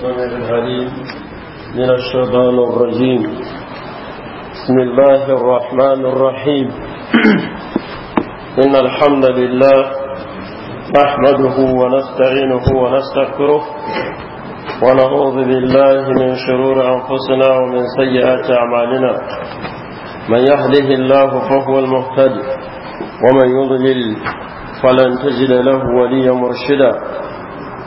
السميع العليم من الشيطان الرجيم بسم الله الرحمن الرحيم إن الحمد لله نحمده ونستعينه ونستغفره ونعوذ بالله من شرور أنفسنا ومن سيئات أعمالنا من يهده الله فهو المهتد ومن يضلل فلن تجد له وليا مرشدا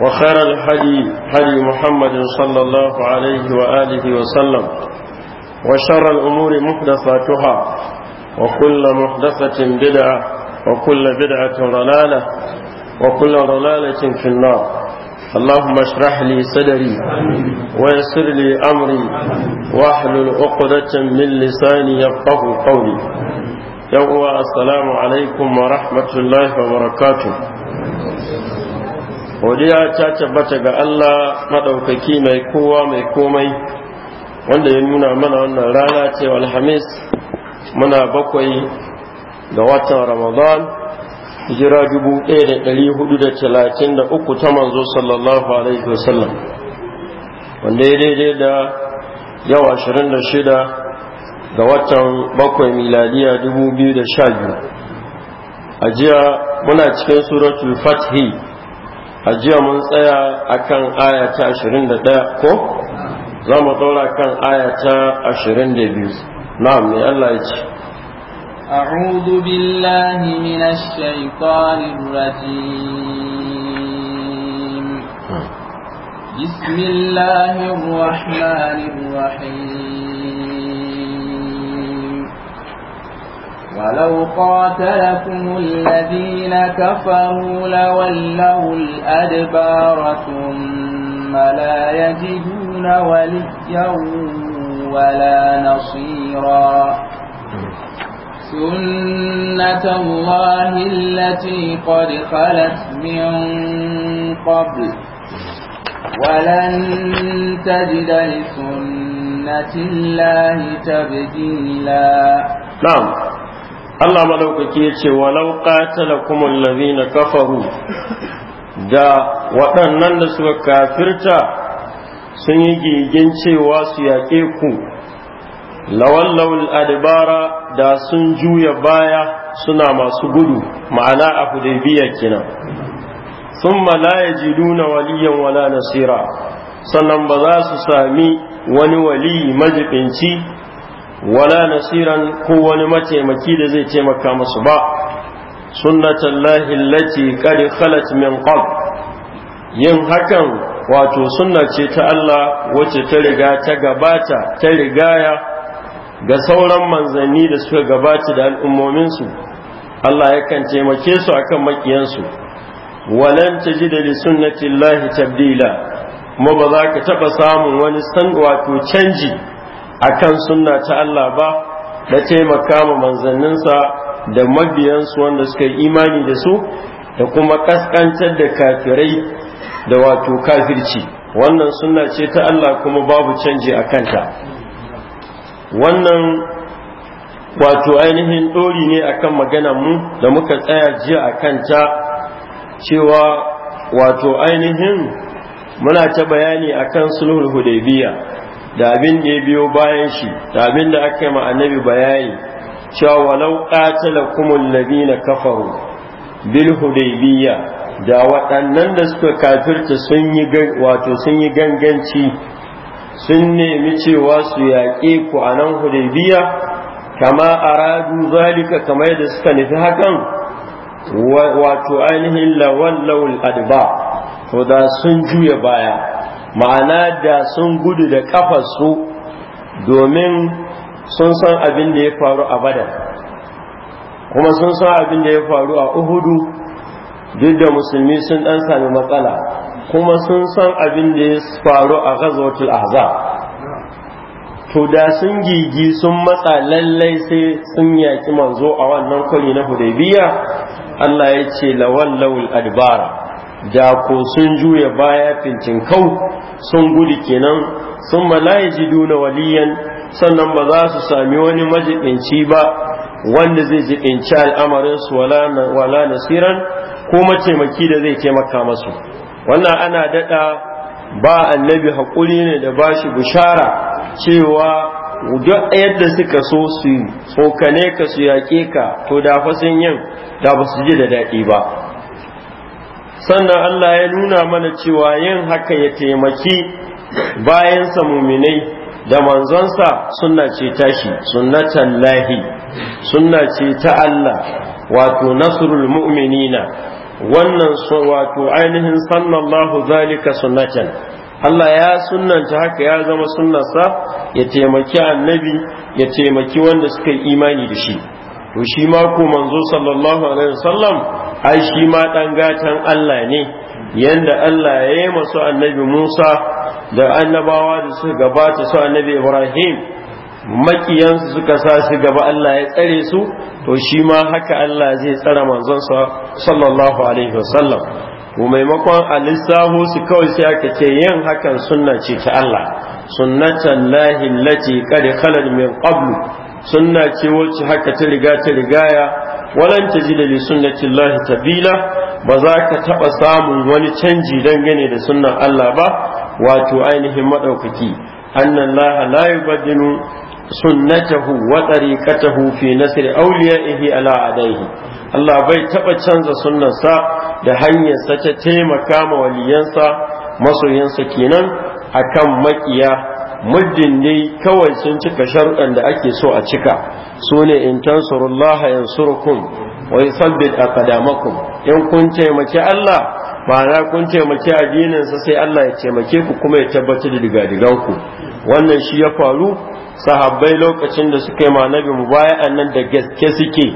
وخير الحدي حدي محمد صلى الله عليه وآله وسلم وشر الأمور محدثاتها وكل محدثة بدعة وكل بدعة ضلالة وكل ضلالة في النار اللهم اشرح لي صدري ويسر لي أمري واحلل عقدة من لساني يفقه قولي يوم السلام عليكم ورحمة الله وبركاته godiya ta tabbata ga Allah maɗaukaki mai kowa mai komai wanda ya nuna mana wannan rana ce alhamis muna bakwai ga watan ramadan jira dubu ɗaya da da ta manzo sallallahu alaihi wasallam wanda ya daidai da yau ashirin ga watan bakwai miladiya dubu biyu a jiya muna cikin suratul fathi ajiya mun tsaya akan aya ta 21 ko za mu daura kan aya ta 22 na'am ne Allah ya ce أعوذ بالله من الشيطان الرجيم بسم الله الرحمن الرحيم ولو قاتلكم الذين كفروا لولوا الأدبار ثم لا يجدون وليا ولا نصيرا سنة الله التي قد خلت من قبل ولن تجد لسنة الله تبديلا نعم Allah madaukaki ya ce walau na allazina kafaru da waɗannan da suka kafirta sun yi gigin cewa su yaƙe ku lawallau adibara da sun juya baya suna masu gudu ma'ana a hudaybiya kenan sun la yajiduna waliyan wala nasira sannan ba za su sami wani wali majibinci wala nasiran ko wani mataimaki da zai taimaka musu ba sunnatan lahi lati qad khalat min yin hakan wato sunna ce ta Allah wacce ta riga ta gabata ta rigaya ga sauran manzanni da suka gabata da al'ummominsu Allah yakan taimake su akan makiyansu walan tajida li sunnati llahi tabdila kuma ba za ka taɓa samun wani wato canji akan sunna ta Allah ba na taimaka ma manzanninsa da mabiyansu wanda suka yi imani da su da kuma kaskantar da kafirai da wato kafirci wannan sunna ce ta Allah kuma babu canji a kanta wannan wato ainihin ɗori ne akan magana mu da muka tsaya jiya a kanta cewa wato ainihin muna ta bayani akan sulhul hudaybiya da abin da ya biyo bayan shi da abin da aka yi ma annabi bayani cewa walau nabi na kafaru bil hudaybiyya da waɗannan da suka kafirta sun yi wato sun yi ganganci sun nemi cewa su yaƙe ku a nan kama aradu zalika kamar yadda suka nufi hakan wato ainihin lawan lawul adba to da sun juya baya ma'ana da sun gudu da kafarsu domin sun san abin da ya faru a badar kuma sun san abin da ya faru a uhudu duk da musulmi sun dan sami matsala kuma sun san abin da ya faru a ghazwatul ahzab to da sun gigi sun matsa lallai sai sun yaki manzo a wannan kwari na hudaybiya Allah ya ce lawallawul adbara da ko sun juya baya kau sun gudu kenan sun malaye ji duna waliyan sannan ba za su sami wani majibinci ba wanda zai al'amarin al'amarinsu wala nasiran ko mataimaki da zai taimaka masu wannan ana daɗa ba annabi haƙuri ne da bashi shi bushara cewa duk yadda suka so su tsokane ka su yaƙe ka to da fa yin da ba su ji da daɗi ba sannan Allah ya nuna mana cewa yin haka ya taimaki bayansa muminai da manzonsa sunna ce tashi sunnatan lahi sunna ce ta Allah wato nasrul mu'minina wannan wato ainihin sallallahu zalika sunnatan Allah ya sunnanta haka ya zama sunnarsa ya taimaki annabi ya taimaki wanda suka yi imani da shi to shi ma ko manzo sallallahu alaihi wasallam ai shi ma dan gatan Allah ne yanda Allah ya yi masu annabi Musa da annabawa da suka gabata su annabi Ibrahim makiyansu suka sa su gaba Allah ya tsare su to shi ma haka Allah zai tsara sa, sallallahu alaihi wasallam Ku maimakon a su kawai sai aka ce yin hakan sunna ce ta Allah sunnatan lahi lati qad khalal min qablu sunna ce wacce haka ta riga ta rigaya walan da li sunnati llahi tabila ba za ka taɓa samun wani canji dangane da sunnan Allah ba wato ainihin maɗaukaki annan laha la yubaddilu sunnatahu wa tariqatahu fi nasr awliyaihi ala adaihi Allah bai taɓa canza sunnansa da hanyarsa ta taimaka ma waliyansa masoyansa kenan akan makiya muddin ne kawai sun cika sharuɗan da ake so a cika su ne in tansurullaha wai wa a kadamakun in kun taimaki Allah na kun taimaki addininsa sai Allah ya taimake ku kuma ya tabbatar da digadigan ku wannan shi ya faru sahabbai lokacin da suka yi manabi baya nan da gaske suke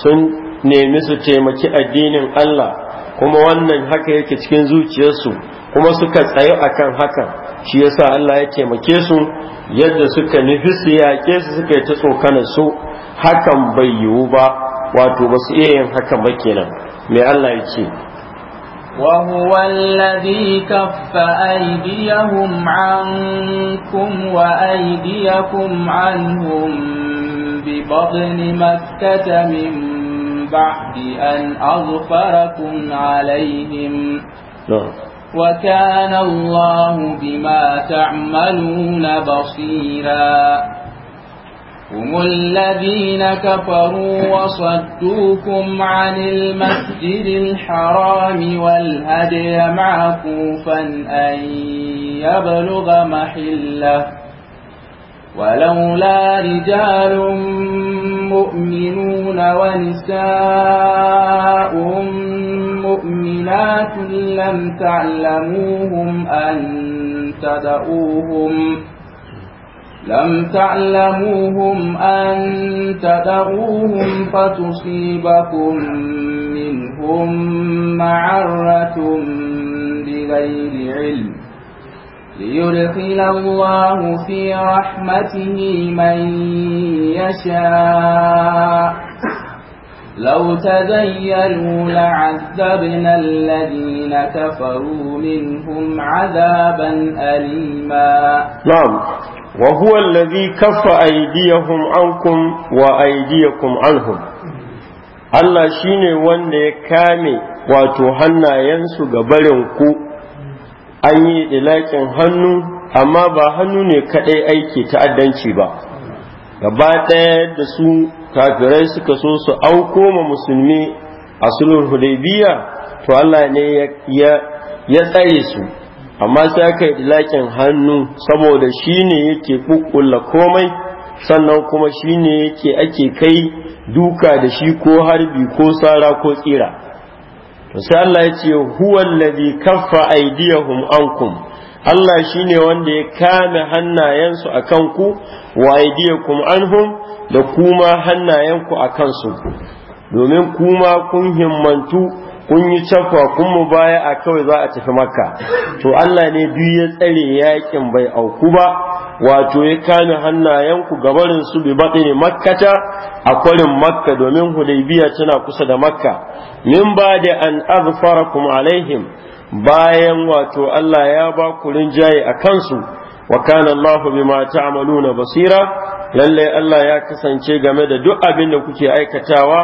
sun nemi su taimaki addinin Allah kuma wannan haka yake cikin zuciyarsu kuma suka tsaye akan haka shi yasa Allah ya taimake su yadda suka nufi su yaƙe su suka yi ta tsokanar su hakan bai yiwu ba wato ba su iya yin hakan ba kenan mai Allah ya ce وهو الذي كف أيديهم عنكم وأيديكم عنهم ببطن مكة من بعد أن أغفركم عليهم نعم وكان الله بما تعملون بصيرا هم الذين كفروا وصدوكم عن المسجد الحرام والهدي معكوفا أن يبلغ محله ولولا رجال مؤمنون ونساء مؤمنات لم تعلموهم أن تدعوهم لم تعلموهم أن تدعوهم فتصيبكم منهم معرة بغير علم ليدخل الله في رحمته من يشاء لو تزيلوا لعذبنا الذين كفروا منهم عذابا أليما نعم وهو الذي كف أيديهم عنكم وأيديكم عنهم Allah shi ne wanda ya kame wato hannayensu ga barinku an yi ɗilaƙin hannu amma ba hannu ne kaɗai aiki ta'addanci ba gaba ɗaya da su kafirai suka so su auko ma musulmi a sulhul hudaybiya to Allah ne ya tsare su amma sai aka yi ɗilaƙin hannu saboda shi ne yake kukkulla komai sannan kuma shi ne yake ake kai duka da shi ko harbi ko tsara ko tsira to sai Allah ya ce huwa ladhi kaffa aydiyahum ankum Allah shine wanda ya kame hannayensu akan ku wa aydiyakum anhum da kuma hannayenku a kansu, domin kuma kun himmantu kun yi cafa kun mu baya a kawai za a tafi makka to Allah ne duk ya tsare yakin bai auku ba wato ya kame hannayenku gabarin su bi baɗini makkata a kwarin makka domin hudaybiya tana kusa da makka min ba da an azfarakum alaihim bayan wato Allah ya ba ku rinjaye a kansu wa kana Allah bima ta'maluna basira lalle Allah ya kasance game da duk abin da kuke aikatawa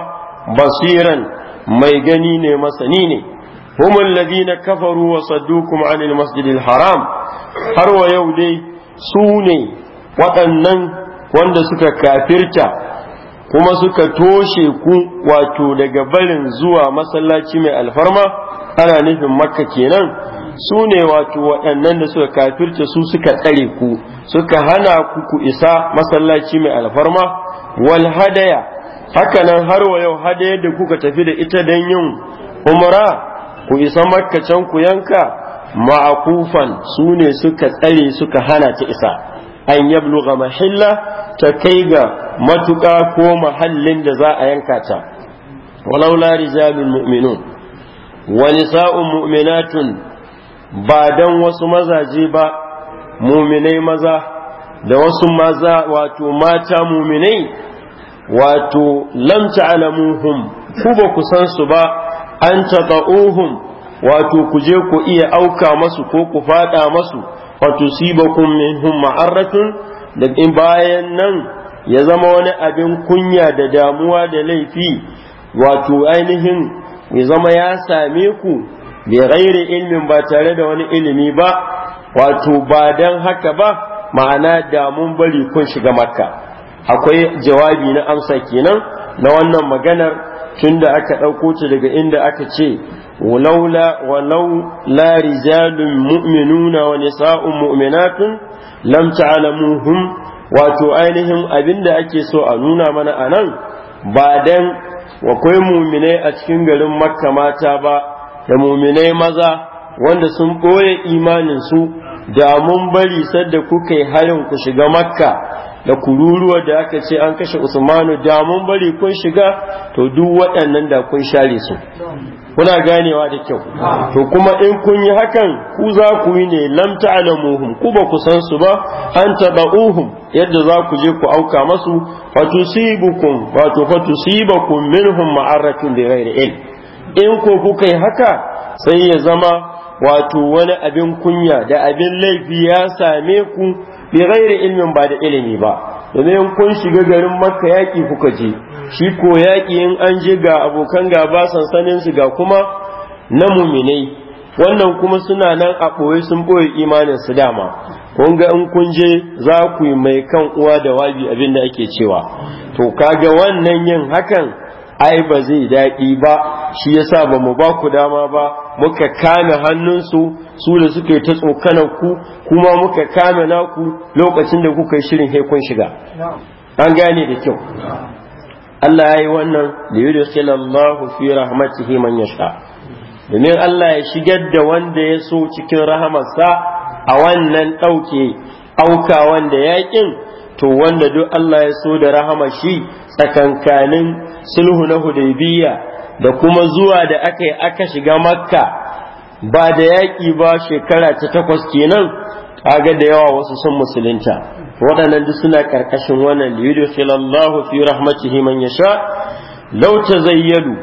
basiran mai gani ne masani ne هم الذين كفروا وصدوكم عن المسجد الحرام har wa yau dai su ne waɗannan wanda suka kafirta kuma suka toshe ku wato daga barin zuwa masallaci mai alfarma ana nufin makka kenan su ne wato waɗannan da suka kafirta su suka tsare ku suka hana ku ku isa masallaci mai alfarma wal hadaya haka nan har wa yau hadayar da kuka tafi da ita don yin umara ku isa makka can ku yanka ma'akufan su ne suka tsare suka hana ta isa an yabluga mahilla ta kai ga matuƙa ko mahallin da za a yanka ta walaula rijalul mu'minun wa nisa'un mu'minatun ba dan wasu mazaje ba muminai maza da wasu maza wato mata muminai wato lam ta'lamuhum ku ba ku san su ba an taqauhum wato ku je ku iya auka masu ko ku faɗa masu wato sibakum minhum ma'arratun da in bayan nan ya zama wani abin kunya da damuwa da laifi wato ainihin ya zama ya same ku bi ghairi ilmin ba tare da wani ilimi ba wato ba dan haka ba ma'ana damun bari kun shiga makka akwai jawabi na amsa kenan na wannan maganar tunda aka ɗauko ta daga inda aka ce walaula walau la rijalun mu'minuna wa nisa'un mu'minatun lam ta'lamuhum wato ainihin abinda ake so a nuna mana a nan? ba dan akwai muminai a cikin garin makka mata ba da muminai maza wanda sun ɓoye imaninsu da mun bari sadda kuka yi harin ku shiga makka da kururuwa da aka ce an kashe usmanu da mun bari kun shiga to duk waɗannan da kun share su kuna ganewa da kyau to kuma in kun yi hakan ku za ku yi ne lam ta'lamuhum ku ba ku san su ba an tabauhum yadda za ku je ku auka masu fatusibukum wato fatusibakum minhum ma'aratun bi ghairi il in ko kuka yi haka sai ya zama wato wani abin kunya da abin laifi ya same ku bi ghairi ilmin ba da ilimi ba domin kun shiga garin makka yaki kuka je shi ko yaki in an je ga abokan gaba sansanin su ga kuma na muminai wannan kuma suna nan a ɓoye sun ɓoye imanin su dama kun ga in kun je za ku yi mai kan uwa da wabi abin da ake cewa to kaga wannan yin hakan ai ba zai daɗi ba shi yasa ba mu ba ku dama ba muka kame hannunsu su da suke ta tsokanar ku kuma muka kame naku lokacin da kuka yi shirin haikun shiga an gane da kyau Allah ya yi wannan da yi da fi rahmatihi man yasha domin Allah ya shigar da wanda ya so cikin rahamarsa a wannan ɗauke auka wanda ƙin, to wanda duk Allah ya so da rahama shi tsakankanin sulhu na Hudaibiyya. da kuma zuwa da aka yi aka shiga makka ba da yaƙi ba shekara ta takwas kenan kaga da yawa wasu sun musulunta waɗannan duk suna ƙarƙashin wannan liyudkhilallahu fi rahmatihi man yasha zai yadu.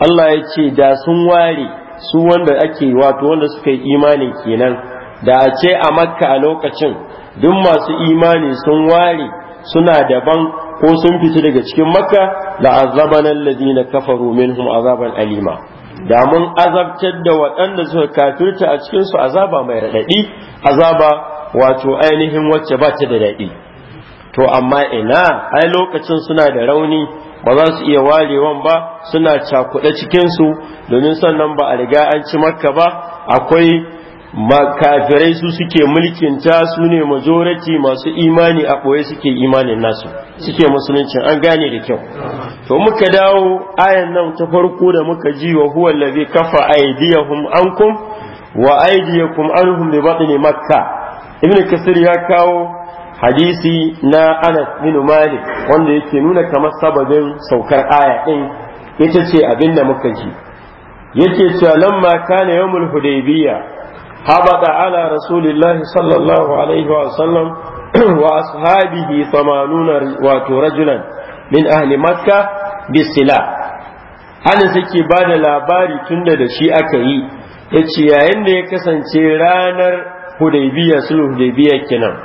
Allah ya ce da sun ware su wanda ake wato wanda suka yi imanin kenan da a ce a makka a lokacin duk masu imani sun ware suna daban ko sun fita daga cikin makka da azabana na kafaru minhum azaban alima da mun azabtar da waɗanda suka kafirta a cikin su azaba mai raɗaɗi azaba wato ainihin wacce ba ta da daɗi to amma ina ai lokacin suna da rauni ba za su iya warewan ba suna cakuɗe su domin sannan ba a riga an ci makka ba akwai makafirai su suke mulkin ta su ne majority masu imani a ɓoye suke imanin nasu suke musulunci an gane da kyau to muka dawo ayan nan ta farko da muka ji wa huwa allazi kafa aydiyahum ankum wa aydiyakum anhum bi batni makka ibnu kasir ya kawo hadisi na Anas bin Malik wanda yake nuna kamar sababin saukar aya din ita ce abinda muka ji yake cewa lamma kana yawmul hudaybiyah habada ala rasulillahi sallallahu alaihi wa sallam wa ashabihi 80 wato rajulan min ahli makka bisila ana suke ba da labari tunda da shi aka yi ya ce yayin da ya kasance ranar hudaybiya sulhu hudaybiya kenan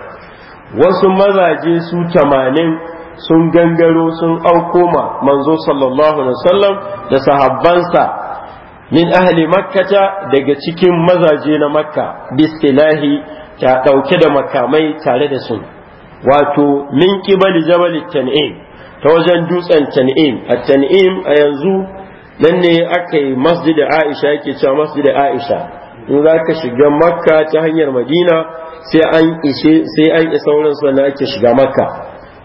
wasu mazaje su 80 sun gangaro sun aukoma manzo sallallahu alaihi wasallam da sahabbansa min ahli makkata daga cikin mazaje na makka bisilahi ta ɗauke da makamai tare da su wato min kibali jabal tan'im ta wajen dutsen tan'im a tan'im a yanzu nan ne aka yi masjid aisha yake cewa masjid aisha in za ka shiga makka ta hanyar madina sai an ishe sai an isa wurin na ake shiga makka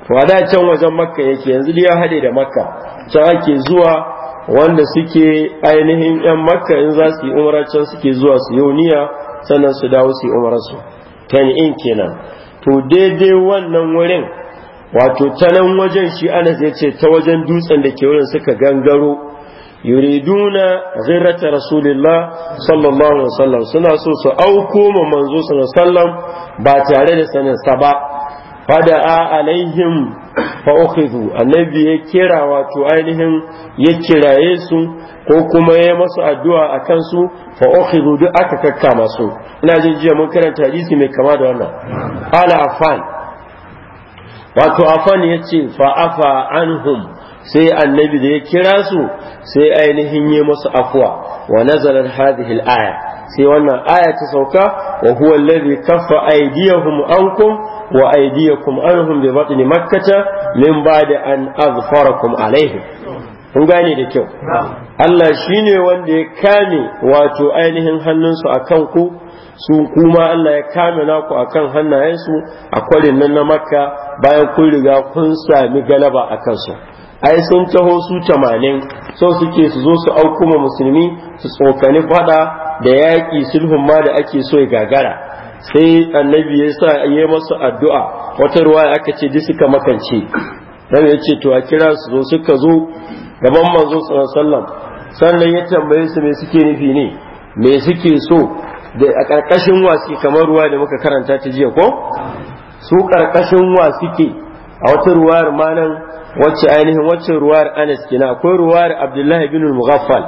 to da can wajen makka yake yanzu ya haɗe da makka can ake zuwa wanda suke ainihin yan makka in za su yi umara can suke zuwa su yau sannan su dawo su yi umararsu ten in kenan to daidai wannan wurin wato ta nan wajen shi anas ya ce ta wajen dutsen da ke wurin suka gangaro yuriduna zirrata rasulillah sallallahu alaihi wasallam suna so su auko ma manzo sallallahu alaihi wasallam ba tare da sanin sa ba fada'a alaihim fa annabi ya kira wato ainihin ya kiraye su ko kuma ya masu addu'a a kansu fa duk aka kakka masu. ina jin jiya mun karanta hadisi mai kama da wannan ala afan wato afan yace fa afa anhum sai annabi da ya kira su sai ainihin ya masu afuwa wa nazalar hadhihi aya sai wannan aya ta sauka wa huwa kafa kaffa aydiyahum ankum wa aydiyakum anhum bi batn makkata min ba'di an azfarakum alaihim kun gane da kyau Allah shine wanda ya kame wato ainihin hannunsu akan ku su kuma Allah ya kame naku akan hannayensu a kwarin nan na makka bayan kun riga kun sami galaba a kansu ai sun taho su tamanin so suke su zo su auku musulmi su tsokani fada da yaƙi sulhun ma da ake so ya gagara sai annabi ya sa yi masa addu'a wata ruwa ya aka ce duk suka makance dan ya ce to a kira su zo suka zo gaban manzo sallallahu sannan ya tambaye su me suke nufi ne me suke so da a karkashin wasi kamar ruwa da muka karanta ta jiya ko su karkashin wa suke a wata ruwar manan wacce ainihin wacce ruwar Anas kina akwai ruwar Abdullahi bin Mughaffal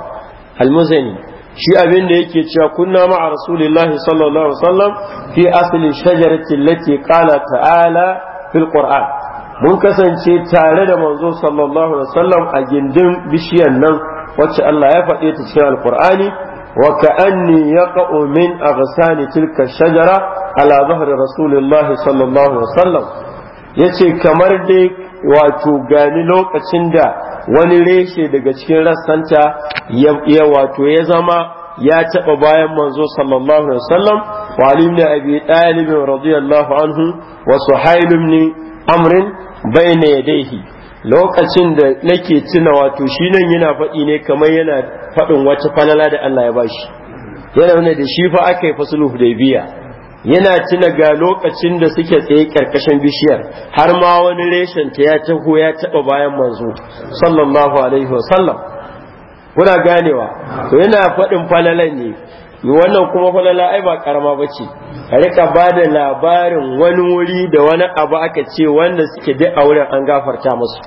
al-Muzani shi abin da yake cewa kunna ma'a rasulillahi sallallahu alaihi wasallam fi asli shajarati lati qala ta'ala fil qur'an mun kasance tare da manzo sallallahu alaihi wasallam a gindin bishiyar nan wacce Allah ya faɗe ta cikin alqur'ani wa ka'anni yaqa'u min aghsani tilka shajara ala dhahri rasulillahi sallallahu alaihi wasallam yace kamar dai wato gani lokacin da wani reshe daga cikin rassanta ya wato ya zama ya taɓa bayan manzo sallallahu alaihi wasallam wa ali ibn abi talib radiyallahu anhu wa suhayl ibn amr bayna yadayhi lokacin da nake tuna wato shi yana faɗi ne kamar yana faɗin wata falala da Allah ya bashi yana nuna da shi fa aka yi da hudaybiya yana tuna ga lokacin da suke tsaye karkashin bishiyar har ma wani reshen ta ya taho ya taba bayan manzo sallallahu alaihi wa sallam. kuna ganewa to yana faɗin falalan ne wannan kuma falala ai ba karama ba ce a rika ba da labarin wani wuri da wani abu aka ce wanda suke duk a wurin an gafarta musu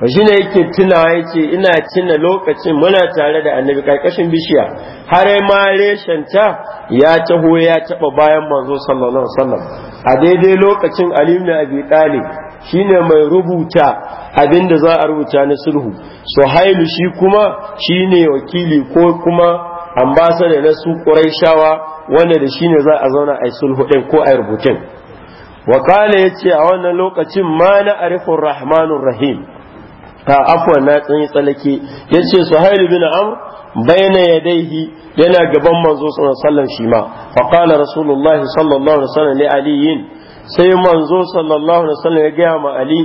ba shi ne yake tunawa yake ina cina lokacin muna tare da annabi karkashin bishiya har ma reshenta ya taho ya taba bayan manzo sallallahu alaihi wasallam a daidai lokacin ali ibn abi talib shine mai rubuta abin da za a rubuta na sulhu suhailu shi kuma shine wakili ko kuma ambasada na su quraishawa wanda da shine za a zauna a sulhu ɗin ko a rubutun Wakala ya yace a wannan lokacin ma na arifur rahmanur rahim ta afwa na tsanyi tsalake yace suhailu bin amr baina yadayhi yana gaban manzo sallallahu alaihi wasallam shi ma fa qala rasulullahi sallallahu alaihi wasallam li aliyin sai manzo sallallahu alaihi wasallam ya gaya ma ali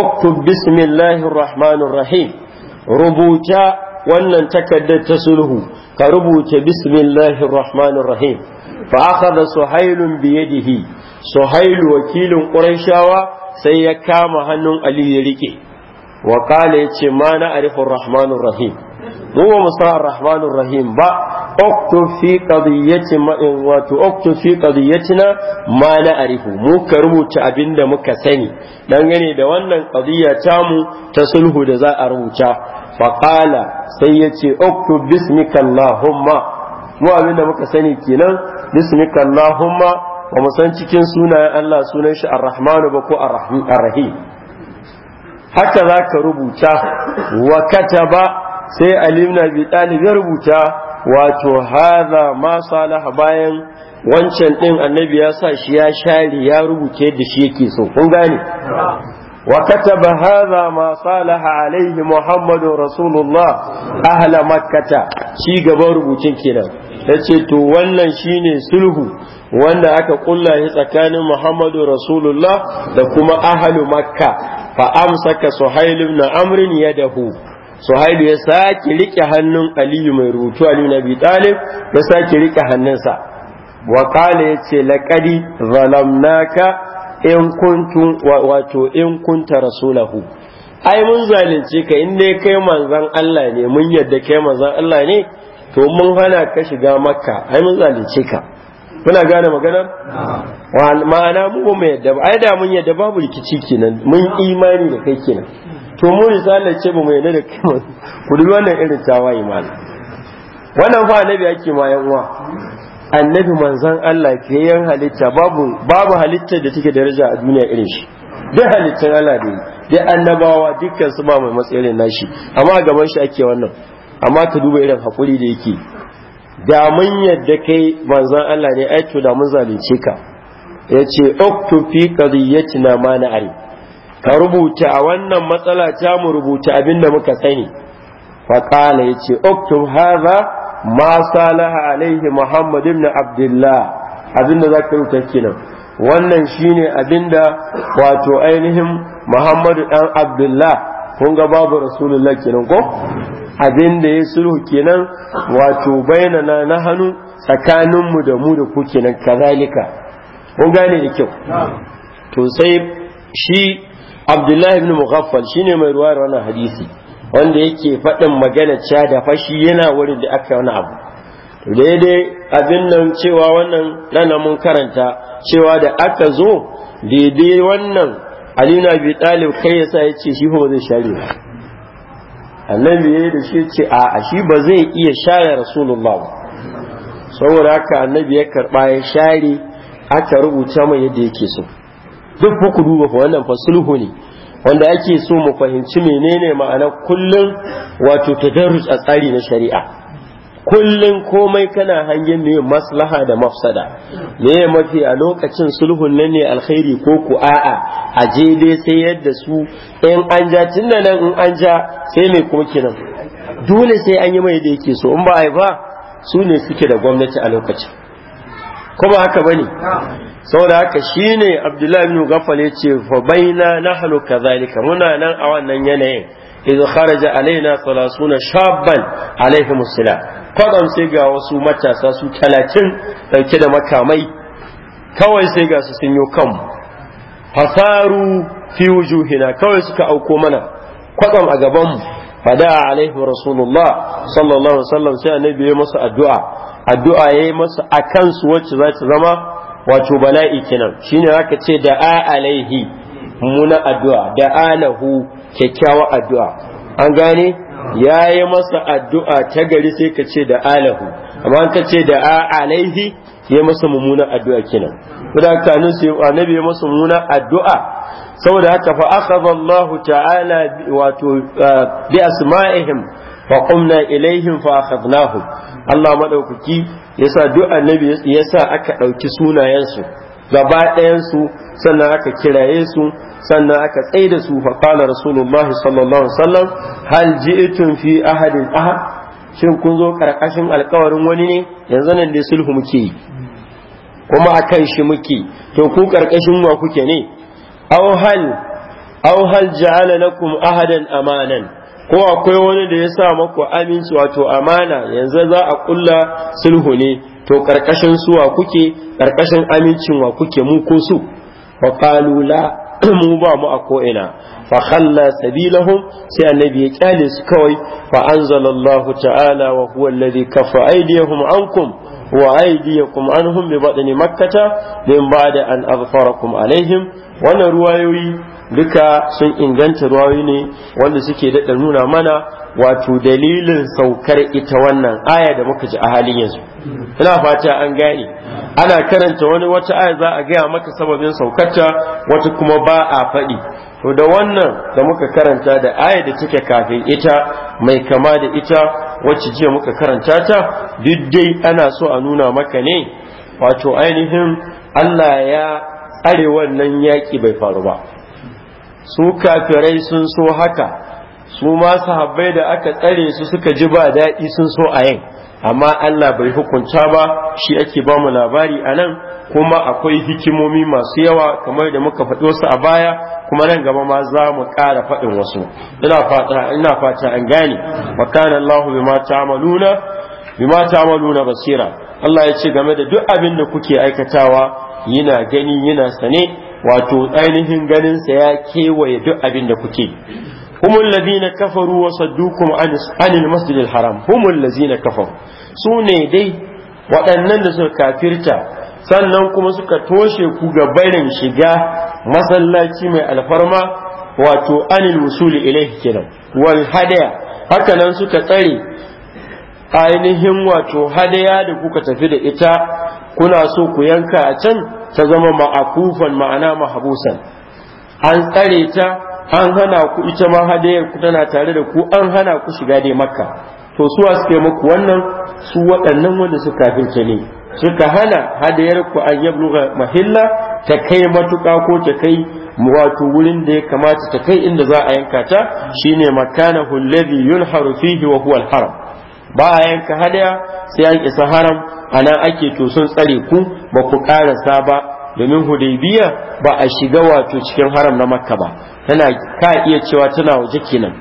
uktub bismillahir rahmanir rahim rubuta wannan takardar ta sulhu ka rubuta bismillahir rahmanir rahim fa akhadha suhailun bi yadihi suhailu wakilin qurayshawa sai ya kama hannun Aliyu ya riƙe. wa qala yace ma na arifu rahmanur rahim mu bamu mu san rahmanur rahim ba uktu fi qadiyyati ma wato uktu fi qadiyyatina ma na arifu mu ka rubuta abinda muka sani gani da wannan qadiyya ta mu ta sulhu da za a rubuta fa qala sai yace uktu bismika allahumma mu abinda muka sani kenan bismika allahumma ba mu san cikin sunayen Allah sunan shi ar-rahmanu ba ko ar-rahim haka za ka rubuta wa kata ba sai ali na bi ɗalib ya rubuta wato haza ma salaha bayan wancan ɗin annabi ya sa shi ya share ya rubuce yadda shi yake so kun gane وكتب هذا ما صالح عليه محمد رسول الله أهل مكة شي قبار بوچين كنا yace to wannan shine sulhu wanda aka kulla shi tsakanin Muhammadu Rasulullah da kuma ahlu Makka fa amsaka Suhail ibn Amr yadahu Suhail ya sake rike hannun Aliyu mai rubutu Ali Nabi Talib ya sake rike hannunsa wa qala yace laqadi zalamnaka in kuntu wato in kunta rasulahu ai mun zalunce ka in dai kai manzon Allah ne mun yadda kai manzon Allah ne to mun hana ka shiga makka ai mun zalunce ka kuna gane maganar ma'ana mu ba mu yadda ba ai da mun yadda babu rikici kenan mun imani da kai kenan to mu risalar ce ba mu yadda da kai ku dubi wannan irin tawaye mana wannan fa annabi yake ma yan uwa annabi manzon Allah kiyayen halitta babu babu halitta da take daraja a duniya irin shi duk halittar Allah ne duk annabawa dukkan su ba mai matsayin nashi amma gaban shi ake wannan amma ka duba irin hakuri da yake da mun yadda kai manzon Allah ne ai to da mun zalunce ka yace uktub fi qadiyatina ma na'ari ka rubuta a wannan matsala ta mu rubuta abin da muka sani fa qala yace uktub hadha ma salaha alaihi muhammad ibn abdullah abinda zaka rubuta kenan wannan shine abinda wato ainihin muhammadu dan abdullah kun ga babu rasulullah kenan ko abinda ya sulhu kenan wato baina na hannu tsakaninmu da mu da ku kenan kazalika kun gane da kyau to sai shi abdullah ibn mughaffal shine mai ruwayar wannan hadisi wanda yake faɗin magana cewa da fashi yana wurin da aka yi wani abu daidai abin nan cewa wannan rana mun karanta cewa da aka zo daidai wannan Ali na bi talib kai yasa ya ce shi ba zai share ba annabi ya da shi ce a shi ba zai iya share rasulullah ba saboda haka annabi ya karba ya share aka rubuta mai yadda yake so duk ku duba wannan fasulhu ne wanda ake so mu fahimci menene ma'anar kullum wato tadarrus a tsari na shari'a kullum komai kana hangen ne maslaha da mafsada me mafi a lokacin sulhun nan ne alkhairi ko ku a'a a je dai sai yadda su in an ja tunda nan in an ja sai mai kuma kenan dole sai an yi mai da yake so in ba a yi ba su ne suke da gwamnati a lokacin kuma haka bane saboda haka shi ne abdullahi ibn Gafale ce, fa baina nahnu kadhalika muna nan a wannan yanayin idh kharaja alaina salasuna shabban alaihim sila kodan sai ga wasu matasa su 30 dauke da makamai kawai sai ga su sun yi kan fasaru fi wujuhina kawai suka auko mana kodan a gaban mu fada alaihi rasulullah sallallahu alaihi wasallam sai annabi ya masa addu'a addu'a yayi masa akan su wacce za ta zama wato bala'i kenan shine zaka ce da a alaihi muna addu'a da alahu kyakkyawa addu'a an gane ya yi masa addu'a ta gari sai ka ce da alahu amma ka ce da a alaihi ya masa mummuna addu'a kenan kuma nan sai annabi ya masa mummuna addu'a saboda haka fa akhadha Allahu ta'ala wato bi asma'ihim fa qumna ilaihim fa akhadnahum Allah madaukaki yasa duk annabi yasa aka ɗauki sunayensu gaba ɗayansu sannan aka kiraye su sannan aka tsaida su fa qala rasulullahi sallallahu alaihi wasallam hal ji'tum fi ahadin ahad shin kun zo karkashin alkawarin wani ne yanzu nan dai sulhu muke yi kuma akan shi muke to ku karkashin wa kuke ne aw hal aw hal ja'ala lakum ahadan amanan ko akwai wani da ya sa maku aminci wato amana yanzu za a kulla sulhu ne to karkashin suwa kuke karkashin amincin wa kuke mu ko su wa la mu ba mu a ina. fa khalla sabilahum sai annabi ya kyale su kawai fa anzalallahu ta'ala wa huwa alladhi kafa aydihim ankum wa aydiyakum anhum bi ni makkata min ba'da an azfarakum alaihim wannan ruwayoyi duka sun inganta ruwayi ne wanda suke daɗa nuna mana wato dalilin saukar ita wannan aya da muka ji a halin yanzu ina fata an gane ana karanta wani wata aya za a gaya maka sababin saukarta wata kuma ba a faɗi to da wannan da muka karanta da aya da take kafin ita mai kama da ita wacce jiya muka karanta ta duk dai ana so a nuna maka ne wato ainihin Allah ya tsare wannan yaƙi bai faru ba su kafirai sun so haka su ma sahabbai da aka tsare su suka ji ba daɗi sun so a yin amma Allah bai hukunta ba shi ake ba mu labari a nan kuma akwai hikimomi masu yawa kamar da muka faɗi wasu a baya kuma nan gaba ma za mu ƙara faɗin wasu ina fata an gane wa Allah bima ma bima basira Allah ya ce game da duk abin da kuke aikatawa yana gani yana sane wato ainihin ganinsa ya kewaye duk abin da kuke humul ladina kafaru wa saddukum anil masjidil haram humul ladina kafaru su ne dai waɗannan da suka kafirta sannan kuma suka toshe ku ga barin shiga masallaci mai alfarma wato anil wusuli ilaihi kenan wal hadaya haka nan suka tsare ainihin wato hadaya da kuka tafi da ita kuna so ku yanka a can ta zama ma'akufan ma'ana mahabusan an tsare ta an hana ku ita ma hadayar ku tana tare da ku an hana ku shiga dai makka to suwa suke muku wannan su waɗannan wanda suka kafirce ne suka hana hadayar ku an yabluga mahilla ta kai matuƙa ko ta kai wato wurin da ya kamata ta kai inda za a yanka ta shine makana hulladhi yulharu fihi wa huwa al-haram ba a yanka hadaya sai an isa haram a nan ake to sun tsare ku ba ku karasa ba domin hudaybiya ba a shiga wato cikin haram na makka ba tana ka iya cewa tana waje kenan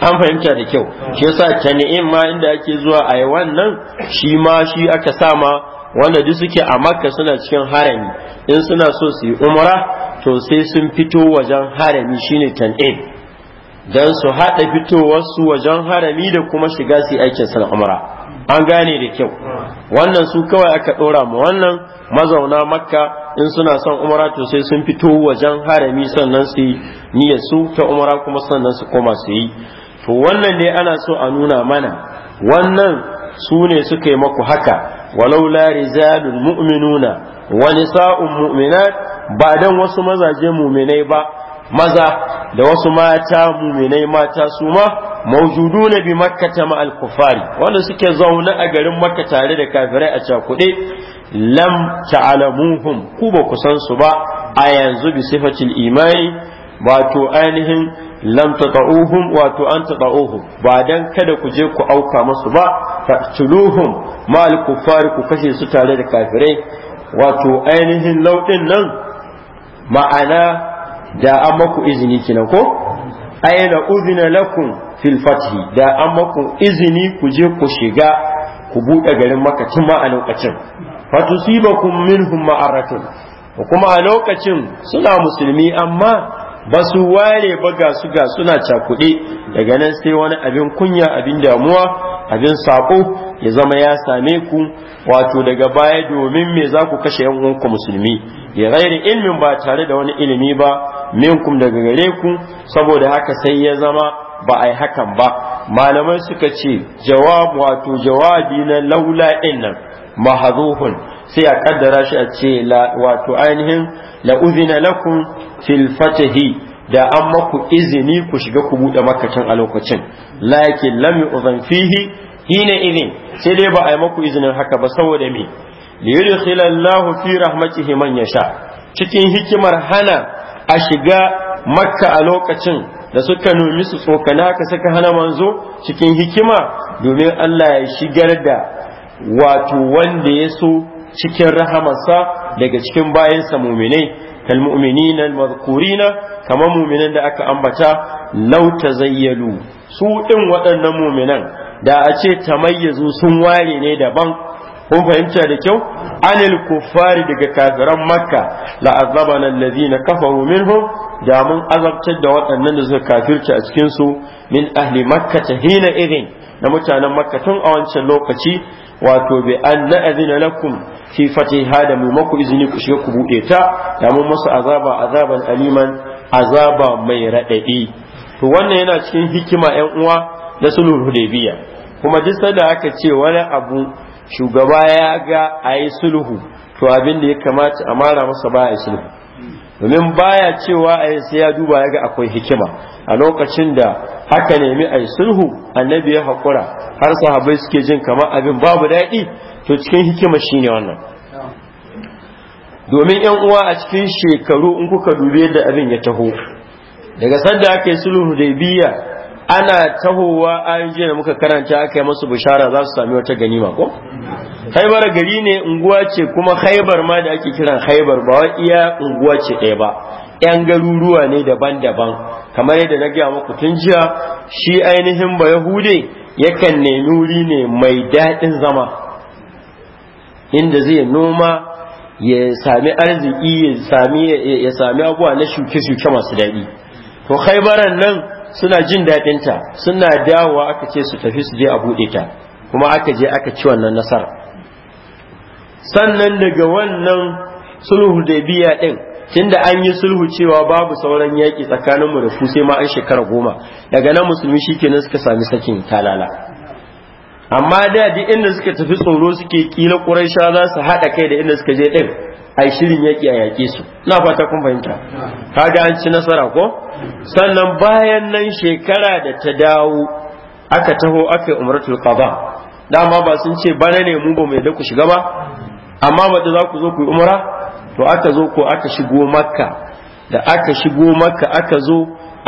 an fahimta da kyau shi yasa tani'in ma inda ake zuwa a yi wannan shi ma shi aka sa ma wanda duk suke a makka suna cikin harami in suna so su yi umra to sai sun fito wajen harami shine tan'in don su haɗa fitowarsu wajen harami da kuma shiga su aikin san umara an gane da kyau wannan su kawai aka ɗora mu wannan mazauna makka in suna son umara to sai sun fito wajen harami sannan su yi niyyar su ta umara kuma sannan su koma su yi to wannan ne ana so a nuna mana wannan su ne suka yi maku haka la rizalul mu'minuna wa nisa'un mu'minat ba dan wasu mazaje mu'minai ba maza da wasu mata muminai mata su ma na bi makkata ma al-kufari wanda suke zaune a garin makka tare da kafirai a cakuɗe lam ta'alamuhum ku ba ku san su ba a yanzu bi sifatil imani wato ainihin lam tata'uhum wato an tata'uhum ba dan kada ku je ku auka musu ba fa'tuluhum ma al-kufari ku kashe su tare da kafirai wato ainihin lauɗin nan ma'ana da an maku izini kina ko ayi da udhina lakum fil fathi da an maku izini ku je ku shiga ku bude garin maka tun ma a lokacin fatusibakum minhum ma'aratun kuma a lokacin suna musulmi amma ba su ware ba ga su ga suna cakuɗe daga nan sai wani abin kunya abin damuwa abin saƙo ya zama ya same ku wato daga baya domin me za ku kashe yan uwanku musulmi ya ghairi ilmin ba tare da wani ilimi ba minkum daga gare ku saboda haka sai ya zama ba a yi hakan ba malamai suka ce jawab wato jawabi na laula nan mahazuhun sai a kaddara shi a ce wato ainihin la uzina lakum fil fatahi da an maku izini ku shiga ku buɗe makacin a lokacin lakin lam yu'zan fihi hina ini sai dai ba a yi maku izinin haka ba saboda me liyudkhilallahu fi rahmatihi man yasha cikin hikimar hana a shiga makka a lokacin da suka nomi su tsokana ka saka hana manzo cikin hikima domin Allah ya shigar da wato wanda ya so cikin rahamarsa daga cikin bayansa muminai al-mazkurina kamar muminan da aka ambata law tazayyalu su ɗin waɗannan muminan da a ce tamayyazu sun ware ne daban kun fahimta da kyau anil kuffari daga kafiran makka la azabana allazina kafaru minhum da mun azabtar da waɗannan da suka kafirci a cikin su min ahli makka ta hina irin na mutanen makka tun a wancan lokaci wato bi an azina lakum fi fatiha da mu maku izini ku shiga ku buɗe ta da mun musu azaba azaban aliman azaba mai raɗaɗi to wannan yana cikin hikima 'yan uwa na sulhu hudaybiya kuma duk sanda aka ce wani abu shugaba ya ga a yi sulhu to abin da ya kamata a mara masa ba a yi sulhu domin baya cewa a sai ya duba ya ga akwai hikima a lokacin da haka nemi a yi sulhu annabi ya haƙura har sahabai suke jin kamar abin babu daɗi to cikin hikima shine wannan domin yan uwa a cikin shekaru in kuka dubi yadda abin ya taho daga sanda aka yi sulhu da biya ana tahowa je da muka karanta aka yi masu bishara za su sami wata ganima ko haibar gari ne unguwa ce kuma haibar ma da ake kiran haibar ba iya unguwa ce ɗaya ba yan garuruwa ne daban-daban kamar yadda na gaya muku tun jiya shi ainihin ba yahude yakan nemi wuri ne mai daɗin zama inda zai noma ya sami arziki ya sami abubuwa na shuke-shuke masu daɗi to haibaran nan suna jin daɗin ta suna dawowa aka ce su tafi su je a buɗe ta kuma aka je aka ci wannan nasara sannan daga wannan sulhu da biya ɗin tunda an yi sulhu cewa babu sauran yaƙi tsakaninmu da ku sai ma an shekara goma daga nan musulmi kenan suka sami sakin talala amma da duk inda suka tafi tsoro suke kila quraisha za su hada kai da inda suka je din ai shirin yaki a yake su ina fata kun fahimta kaga an ci nasara ko sannan bayan nan shekara da ta dawo aka taho aka yi umratul qada dama ba sun ce bana ne mu ba mai da ku shiga ba amma ba za ku zo ku yi umra to aka zo ko aka shigo makka da aka shigo makka aka zo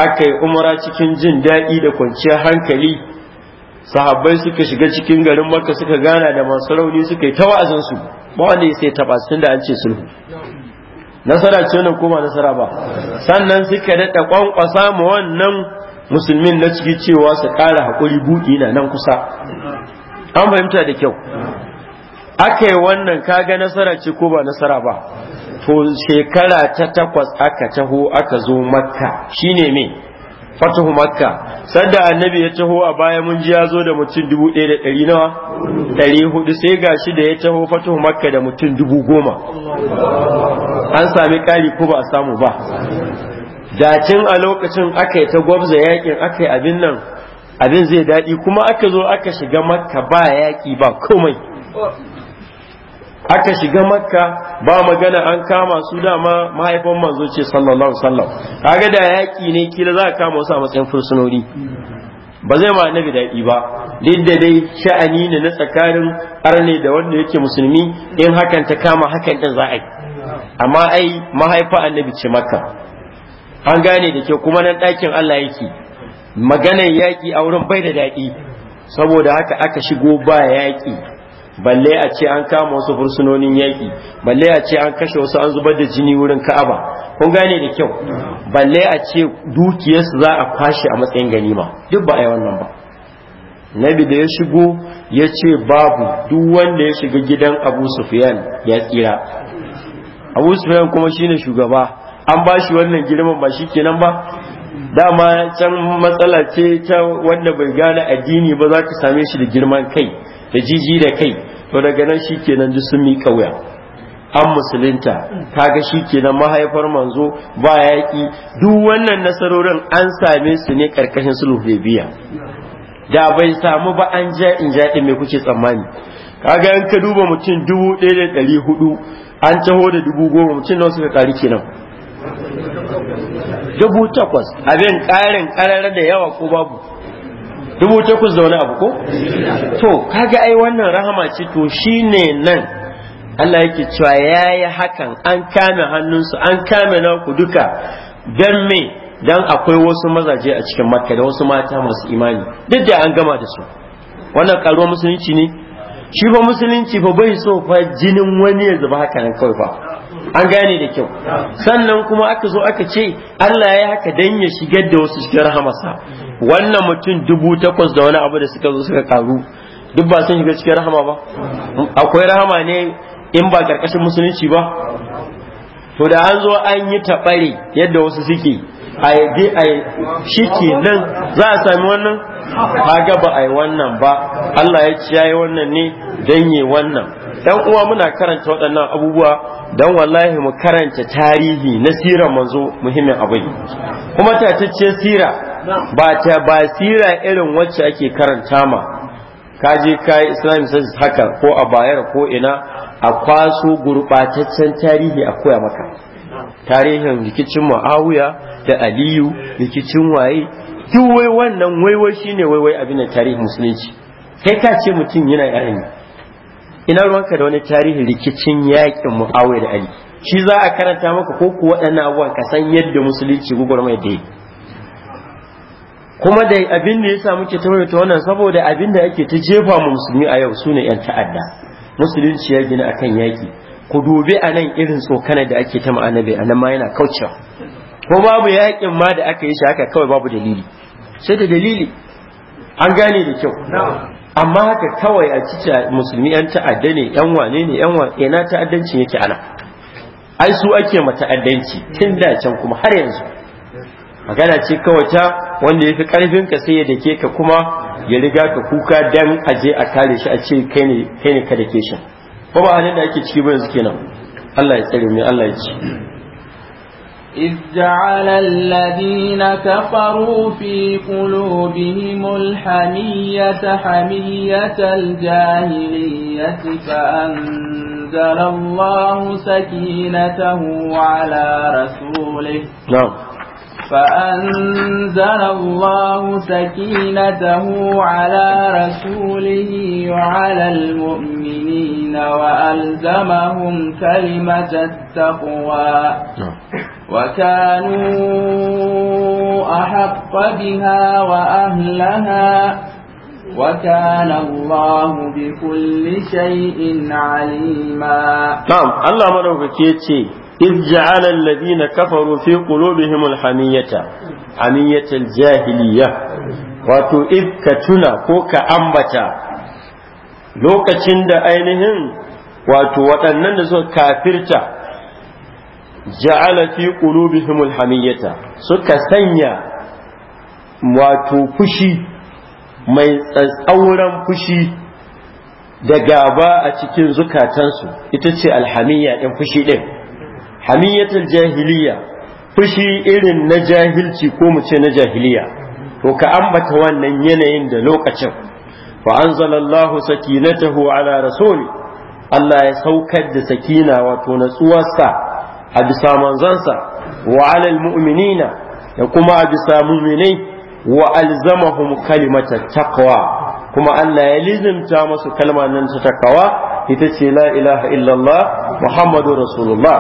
aka yi umara cikin jin daɗi da kwanciyar hankali sahabbai suka shiga cikin garin makka suka gana da masu rauni suka yi ta wa'azinsu ba wanda ya sai taba sun da an ce sulhu nasara ce wannan koma nasara ba sannan suka daɗa kwankwasa ma wannan musulmin na ciki cewa su ƙara hakuri buɗi na nan kusa an fahimta da kyau aka yi wannan kaga nasara ce ko ba nasara ba to shekara ta takwas aka taho aka zo makka shine me fatuhu makka sanda annabi ya taho a baya mun ji ya zo da mutum dubu ɗaya da ɗari nawa ɗari hudu sai ga shi da ya taho fatuhu makka da mutum dubu goma an sami ƙari ko ba a samu ba dacin a lokacin aka ta gwabza yakin aka yi abin nan abin zai daɗi kuma aka zo aka shiga makka ba yaƙi ba komai aka shiga makka ba magana an kama su dama mahaifan manzo ce sallallahu alaihi sallam kaga da yaƙi ne kila za a kama wasu a matsayin fursunoni ba zai ma annabi daɗi ba duk da dai sha'ani ne na tsakanin arne da wanda yake musulmi in hakan ta kama hakan din za a yi amma ai mahaifa annabi ce makka an gane da ke kuma nan ɗakin allah yake maganar yaƙi a wurin bai da daɗi saboda haka aka shigo ba yaƙi balle a ce an kama wasu fursunonin yaƙi balle a ce an kashe wasu an zubar da jini wurin ka'aba kun gane da kyau balle a ce dukiyarsu za a kwashe a matsayin ganima duk ba a yi wannan ba nabi da ya shigo ya ce babu duk wanda ya shiga gidan abu Sufiyan ya tsira abu Sufiyan kuma shine shugaba an ba shi wannan girman ba shi kenan ba dama can matsala ce ta wanda bai gane addini ba za ka same shi da girman kai da jiji da kai to daga nan shikenan duk sun miƙa wuya an musulunta kaga shikenan mahaifar manzo ba yaƙi duk wannan nasarorin an same su ne karkashin sulhu da bai samu ba an ja in jaɗi mai kuke tsammani kaga in ka duba mutum dubu ɗaya da ɗari hudu an taho da dubu goma mutum nan suka ƙari kenan dubu takwas abin ƙarin ƙarar da yawa ko babu dubu takwas da wani abu ko to kaga ai wannan rahama ce to shine nan Allah yake cewa yayi hakan an kame hannunsu an kame naku duka dan me dan akwai wasu mazaje a cikin makka da wasu mata masu imani duk da an gama da su wannan karuwa musulunci ne shi fa musulunci fa bai so fa jinin wani ya zuba haka nan kawai fa an gane da kyau sannan kuma aka zo aka ce Allah ya haka dan ya shigar da wasu cikin rahamarsa wannan mutum dubu takwas da wani abu da suka zo suka karu duk ba sun shiga cikin rahama ba akwai rahama ne in ba karkashin musulunci ba to da an zo an yi taɓare yadda wasu suke a shi ke nan za a sami wannan ba a yi wannan ba Allah ya ci wannan ne don yi wannan dan uwa muna karanta waɗannan abubuwa dan wallahi mu karanta tarihi na sirar manzo muhimmin abu kuma tatacce sira ba ta ba sira irin wacce ake karanta ma kaje kai islamic sai haka ko a bayar ko ina a kwaso gurbataccen tarihi a koya maka tarihin rikicin ma'awuya da aliyu rikicin waye duk wai wannan waiwai shine waiwai abin da tarihin musulunci kai ka ce mutum yana yaran ina ruwan ka da wani tarihin rikicin yakin muawiya da ali shi za a karanta maka ko kuwa ɗan abubuwan ka san yadda musulunci mai da kuma da abin da ya sa muke ta wannan saboda abin da ake ta jefa mu musulmi a yau sune yan ta'adda musulunci ya gina akan yaki ku dubi a nan irin tsokana da ake ta ma'anabi a nan ma yana kaucewa ko babu yakin ma da aka yi shi haka kawai babu dalili sai da dalili an gane da kyau amma haka kawai a cikin musulmi yan ta'adda ne yan wane ne yan wane ina ta'addancin yake ana ai su ake ma ta'addanci tun da can kuma har yanzu magana ce kawai ta wanda ya fi karfin ka sai ya dake ka kuma ya riga ka kuka dan aje a kare shi a ce kai ne kai ne ka dake shi ba ba halin da ake ciki ba yanzu kenan Allah ya tsare mu Allah ya ci إذ جعل الذين كفروا في قلوبهم الحمية حمية الجاهلية فأنزل الله سكينته على رسوله نعم. فأنزل الله سكينته على رسوله وعلى المؤمنين وألزمهم كلمة التقوى وكانوا أحق بها وأهلها وكان الله بكل شيء عليما نعم الله مره كيتي إذ جعل الذين كفروا في قلوبهم الحمية حمية الجاهلية وتؤذ كتنا كوك أنبتا lokacin da ainihin wato waɗannan da suka kafirta ja'ala fi qulubihimul hamiyata suka sanya wato fushi mai tsatsauran fushi da gaba a cikin zukatansu ita ce alhamiyya ɗin fushi ɗin hamiyatul jahiliya fushi irin na jahilci ko mu ce na jahiliya to ka ambata wannan yanayin da lokacin fa anzalallahu sakinatahu ala rasuli Allah ya saukar da sakina wato natsuwarsa a bisa manzansa wa mu'minina da kuma abisa bisa mu'minai wa alzamahum kalimata taqwa kuma Allah ya lizimta masu kalma nan ta takawa ita ce la ilaha illallah muhammadu rasulullah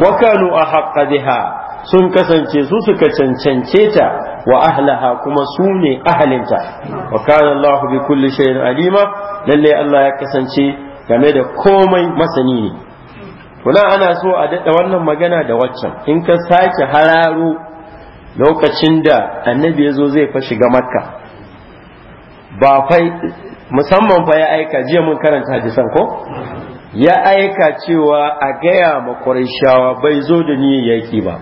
wa kanu a biha sun kasance su suka cancance ta wa ahlaha kuma su ne ahalinta wa kana Allahu bi kulli shay'in alima lalle Allah ya kasance game da komai masani ne kuna ana so a daɗa wannan magana da waccan in ka sake hararo lokacin da annabi ya zo zai fa shiga makka ba fai musamman fa ya aika jiya mun karanta hadisan ko ya aika cewa a gaya ma shawa bai zo da niyyar yaki ba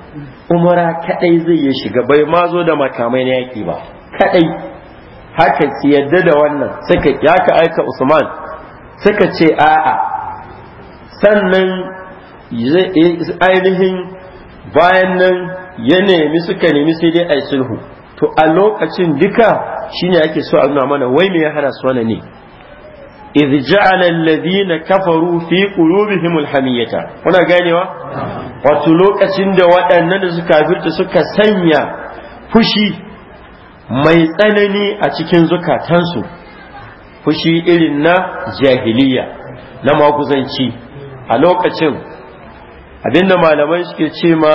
umara kadai zai ya shiga bai ma zo da makamai na yaki ba kadai haka su yadda da wannan suka ya ka aika usman suka ce a'a sannan ainihin bayan nan ya nemi suka nemi sai dai a sulhu to a lokacin duka shine ake so a nuna mana wai me ya hana su wannan ne idh ja'ala alladhina kafaru fi qulubihim alhamiyata kuna ganewa wato lokacin da waɗannan da suka kafirta suka sanya fushi mai tsanani a cikin zukatansu fushi irin na jahiliya na maguzanci a lokacin abinda malamai suke ce ma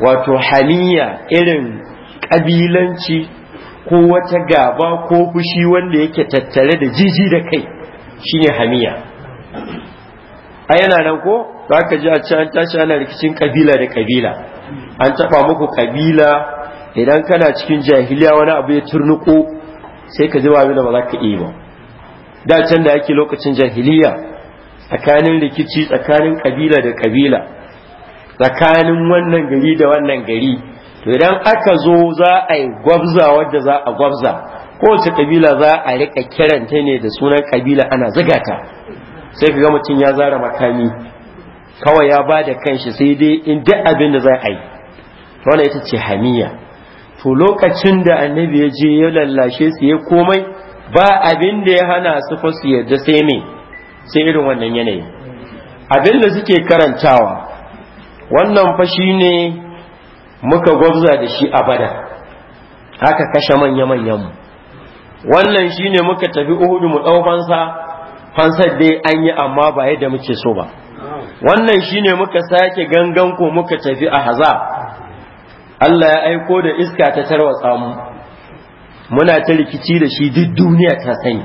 wato haniya irin kabilanci ko wata gaba ko fushi wanda yake tattare da jiji da kai shine hamiya a yana nan ko za ka ji a can tashi ana rikicin kabila da kabila an taba muku kabila idan kana cikin jahiliya wani abu ya turnuko sai ka ji ba ba za ka iya ba da can da ake lokacin jahiliya tsakanin rikici tsakanin kabila da kabila tsakanin wannan gari da wannan gari to idan aka zo za a yi gwabza wadda za a gwabza kowace kabila za a rika kiranta ne da sunan kabila ana zigata sai ka ga mutum ya zara makami kawai ya ba da kanshi sai dai in duk abin da za a yi wannan ita ce hamiya to lokacin da annabi ya je ya lallashe su ya komai ba abin da ya hana su fa su yarda sai me sai irin wannan yanayi abin da suke karantawa wannan fa ne muka gwabza da shi a bada haka kashe manya-manyan mu wannan shine muka tafi uhudu mu ɗau fansa fansar dai an yi amma ba yadda muke so ba wannan shine muka sake gangan ko muka tafi a haza Allah ya aiko da iska ta tarwatsa mu muna ta rikici da shi duk duniya ta sani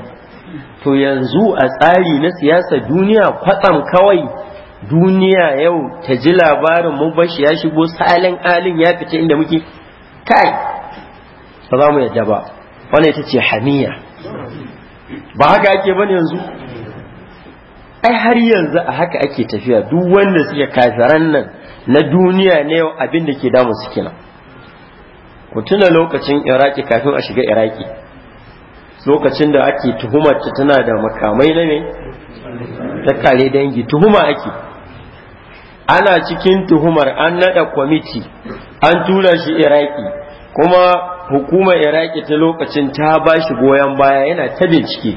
to yanzu a tsari na siyasa duniya kwatsam kawai duniya yau ta ji labarin mu bashi ya shigo salin alin ya fita inda muke kai ba za mu yadda ba wanda ita ce hamiya ba haka ake bane yanzu ai har yanzu a haka ake tafiya duk wanda suke kafiran nan na duniya ne abin da ke damu su kina ku tuna lokacin iraki kafin a shiga iraki lokacin da ake tuhumar ta tana da makamai na ne ta kare dangi tuhuma ake ana cikin tuhumar an nada kwamiti an tura shi iraki kuma hukumar iraki ta lokacin ta ba shi goyon baya yana ta bincike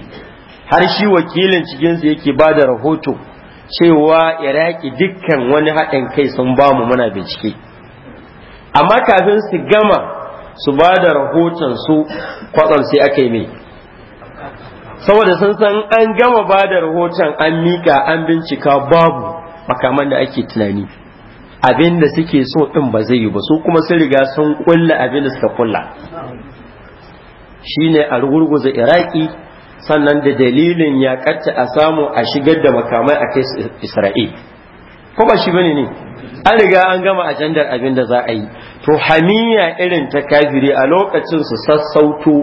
har shi wakilin cikinsu yake ba da rahoto cewa iraki dukkan wani haɗin kai sun ba mu muna bincike amma kafin su gama su ba da rahoton su kwatsam sai aka yi mai saboda sun san an gama ba da rahoton an miƙa an bincika babu makaman da ake tunani abin da suke so din ba zai yi ba su kuma sun riga sun kulla abin da suka kulla shine a rugurguza iraki sannan da dalilin ya katta a samu a shigar da makamai a kai isra'il ko ba shi bane ne an riga an gama ajandar abin da za a yi to hamiya irin ta kafiri a lokacin su sassauto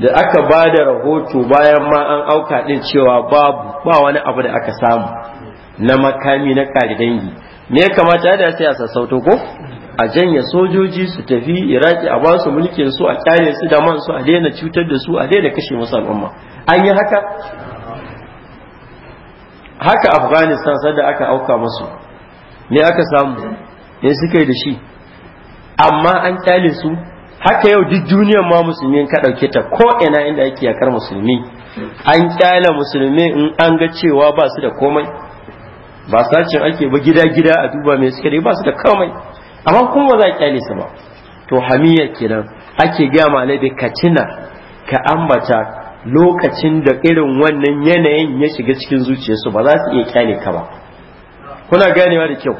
da aka ba da rahoto bayan ma an auka din cewa babu ba wani abu da aka samu na makami na kari dangi me ya kamata da sai a sassauto ko a janye sojoji su tafi iraki a basu mulkin su a kyale su da man su a daina cutar da su a daina kashe musu al'umma an yi haka haka afghanistan sadda aka auka musu ne aka samu ne suka da shi amma an kyale su haka yau duk duniyar ma musulmi ka ɗauke ta ko ina inda ake yakar musulmi an kyale musulmi in an ga cewa ba su da komai ba sacin ake ba gida gida a duba mai suka ba su da kamai amma kuma ba za a kyale su ba to hamiyya kenan ake gaya malabi ka tuna ka ambata lokacin da irin wannan yanayin ya shiga cikin zuciyarsu ba za su iya kyale ka ba kuna ganewa da kyau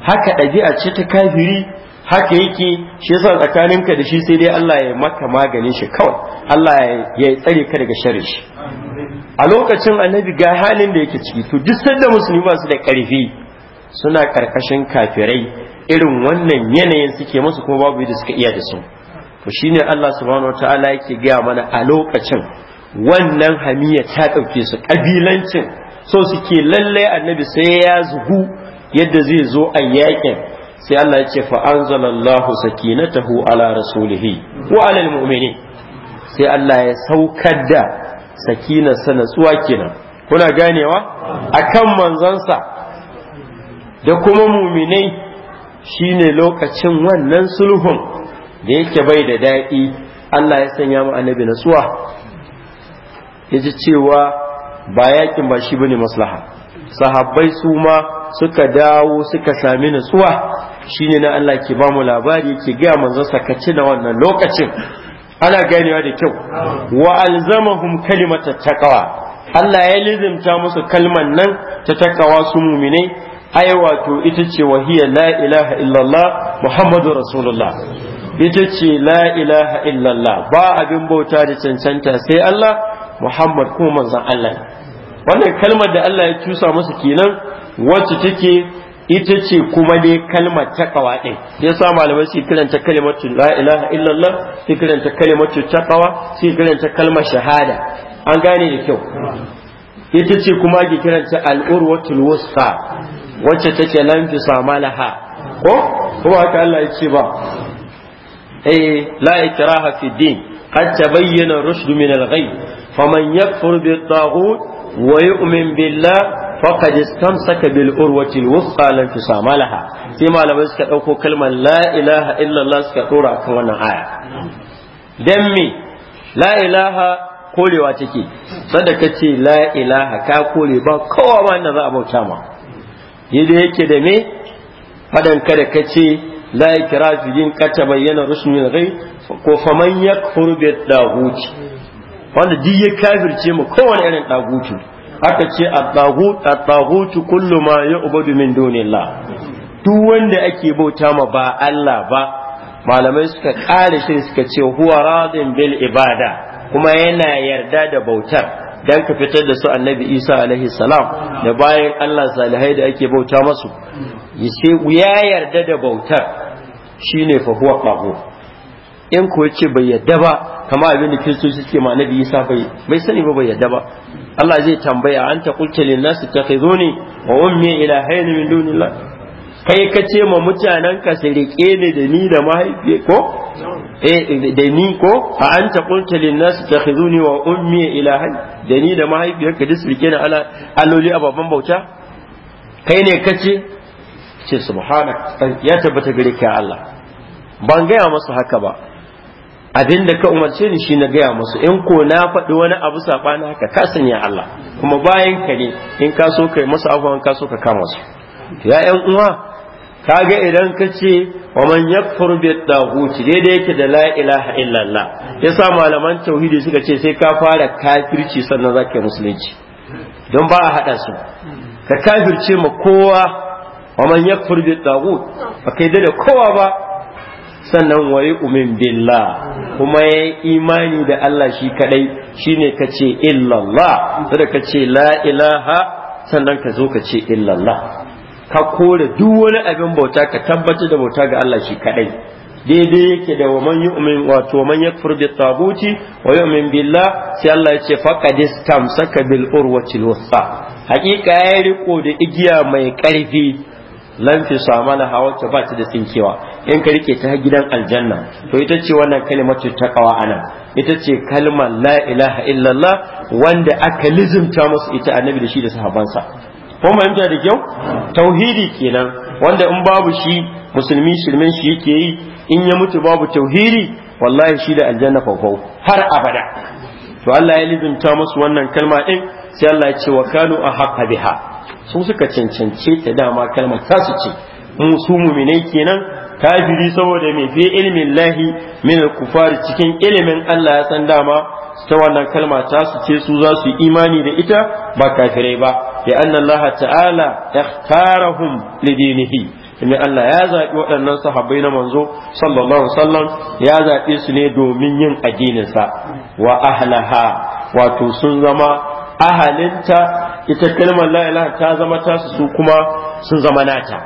haka ɗabi'a ce ta kafiri haka yake shi yasa tsakaninka da shi sai dai Allah ya maka maganin shi kawai Allah ya tsare ka daga sharri shi a lokacin annabi ga halin da yake ciki to duk sanda musulmi ba su da karfi suna karkashin kafirai irin wannan yanayin suke musu kuma babu da suka iya da su to shine Allah subhanahu wataala yake gaya mana a lokacin wannan hamiya ta dauke su kabilancin so suke lallai annabi sai ya zuhu yadda zai zo a yakin sai Allah ya ce fa anzalallahu sakinatahu ala rasulihi wa alal almu'minin sai Allah ya saukar da sakina natsuwa kenan kuna ganewa akan manzansa da kuma muminai shine lokacin wannan sulhun da yake bai da daɗi Allah ya sanya mu annabi natsuwa yaji cewa ba yakin ba shi bane maslaha sahabbai su ma suka dawo suka sami natsuwa shine na Allah ke ba mu labari yake ga manzon sa ka na wannan lokacin ana ganewa da kyau wa alzamahum kalimata taqwa Allah ya lizimta musu kalman nan ta takawa su muminai ai wato ita ce wahiya la ilaha illallah muhammadu rasulullah ita ce la ilaha illallah ba abin bauta da cancanta sai Allah muhammad kuma manzon Allah wannan kalmar da Allah ya cusa musu kenan wacce take ita ce kuma dai kalmar ɗin. Ya sa malamai su kiranta kalimatu la ilaha illallah su kiranta kalimatu takawa su kiranta kalmar shahada an gane da kyau ita ce kuma ke kiranta al-urwatul wusta wacce take lan fi samalaha ko kuma haka Allah ya ce ba eh la ikraha fi din قد تبين الرشد faman الغي فمن يكفر بالطاغوت faqad saka bil urwatil wusqa lan tusama laha sai malamai suka dauko kalmar la ilaha illa Allah suka dora kan wannan aya dan me la ilaha korewa take sanda ka ce la ilaha ka kore ba kowa ma inda za a bauta ma yadda yake da me fadan kada ka ce la ikra fi din bayyana rusmin gai ko faman yakfur bi daguti wanda duk ya kafirce mu kowane irin daguti Haka ce at-taghut kullu ma yu'badu min dunillah duk wanda ake bauta ma ba Allah ba malamai suka kare shi suka ce huwa radin bil ibada kuma yana yarda da bautar dan ka fitar da su annabi Isa alaihi salam da bayan Allah salihai da ake bauta masu yace ya yarda da bautar shine fa huwa in ko yace bai yadda ba kama abin da kiristoci suke ma nabi Isa bai bai sani ba bai yadda ba Allah zai tambaya ta kulta lin nas takhizuni wa ummi hayni min dunillah kai ka ce ma mutanen ka su rike ni da ni da mahaifi ko eh da ni ko fa ta kulta lin nas takhizuni wa ummi hayni da ni da mahaifi duk su rike ni ala alloli ababan bauta kai ne ka ce ce subhanak ya tabbata gare ka Allah ban gaya masu haka ba abin da ka umarce ni shi na gaya musu in ko na faɗi wani abu saɓani haka ka sanya Allah kuma bayan ka ne in ka so ka yi masu abubuwan ka so ka kama su ya ƴan uwa ka ga idan ka ce wa man yakfur bi daidai yake da la ilaha illallah yasa malaman tauhidi suka ce sai ka fara kafirci sannan zaka yi musulunci don ba a hada su ka kafirce ma kowa wa man yakfur bi taghut ba kai da kowa ba sannan wa umin billah kuma ya yi imani da Allah shi kadai shine ce illallah sai kace la ilaha sannan ka zo ka ce illallah ka kore duk wani abin bauta ka tabbatar da bauta ga Allah shi kadai daidai yake da wa man yu'min wato man yakfur bi taguti wa yu'min billah sai Allah ya ce faqad istamsaka bil urwati al hakika ya riko da igiya mai ƙarfi. lanfi sama na hawa ta ba ta da tsinkewa in ka rike ta gidan aljanna to ita ce wannan ta kawa ana ita ce kalmar la ilaha illallah wanda aka lizimta musu ita annabi da shi da sahabansa ko fahimta da kyau tauhidi kenan wanda in babu shi musulmi shirmin shi yake yi in ya mutu babu tauhidi wallahi shi da aljanna fafau har abada to Allah ya lizimta musu wannan kalma din sai Allah ya ce wa kanu a haqqa biha su suka cancance ta dama kalmar su ce mu su muminai kenan kafiri saboda mai fi ilimin lahi min kufari cikin ilimin Allah ya san dama ta wannan kalma ta su ce su za su imani da ita ba kafirai ba ya annan Allah ta'ala ikhtarahum lidinihi Inna Allah ya zaɓi waɗannan sahabbai na manzo sallallahu alaihi ya zaɓe su ne domin yin addininsa wa ahlaha wato sun zama ahalinta ita kalmar la ilaha ta zama tasu su kuma sun zama nata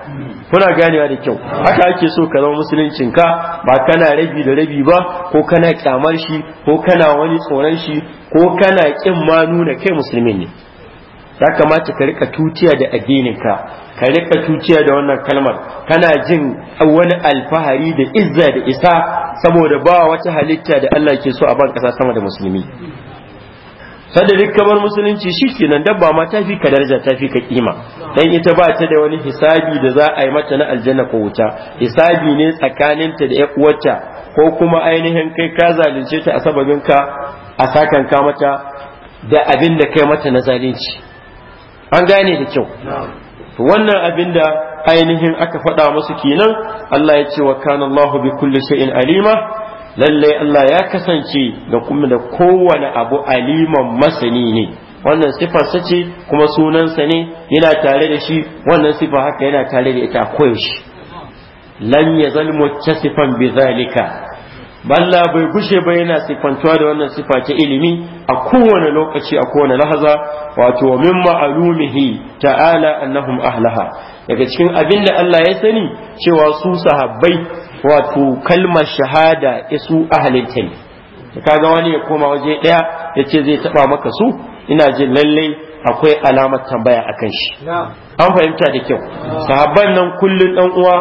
kuna ganewa da kyau haka ake so ka zama musuluncin ka ba kana rabi da rabi ba ko kana kyamar shi ko kana wani tsoron shi ko kana kin ma nuna kai musulmin ne ya kamata ka rika tutiya da addinin ka ka rika tutiya da wannan kalmar kana jin wani alfahari da izza da isa saboda ba wata halitta da Allah ke so a ban kasa sama da musulmi sadarin kamar musulunci shikenan dabba ma ta fi ka daraja ta fi ka kima dan ita ba ta da wani hisabi da za a yi mata na aljanna ko wuta hisabi ne tsakaninta da ƴan uwarta ko kuma ainihin kai ka zalunce ta a sababin ka a sakan ka mata da abin da kai mata na zalunci an gane da kyau wannan abin da ainihin aka faɗa musu kenan Allah ya ce wa kana Allahu bi kulli shay'in alima Lallai Allah ya kasance da kuma da kowane abu aliman masani ne wannan sifarsa ce kuma sunansa ne yana tare da shi wannan sifa haka yana tare da ita koyaushe lam yazal muttasifan bi zalika balla bai gushe ba yana sifantuwa da wannan sifa ta ilimi a kowane lokaci a kowane lahaza wato min ma'alumihi ta'ala annahum ahlaha daga cikin abinda Allah ya sani cewa su sahabbai wato kalmar shahada isu ahalinta ne ga wani ya koma waje ɗaya ya ce zai taɓa maka su ina jin lallai akwai alamar tambaya akan shi an fahimta da kyau sahabban nan kullum ɗan uwa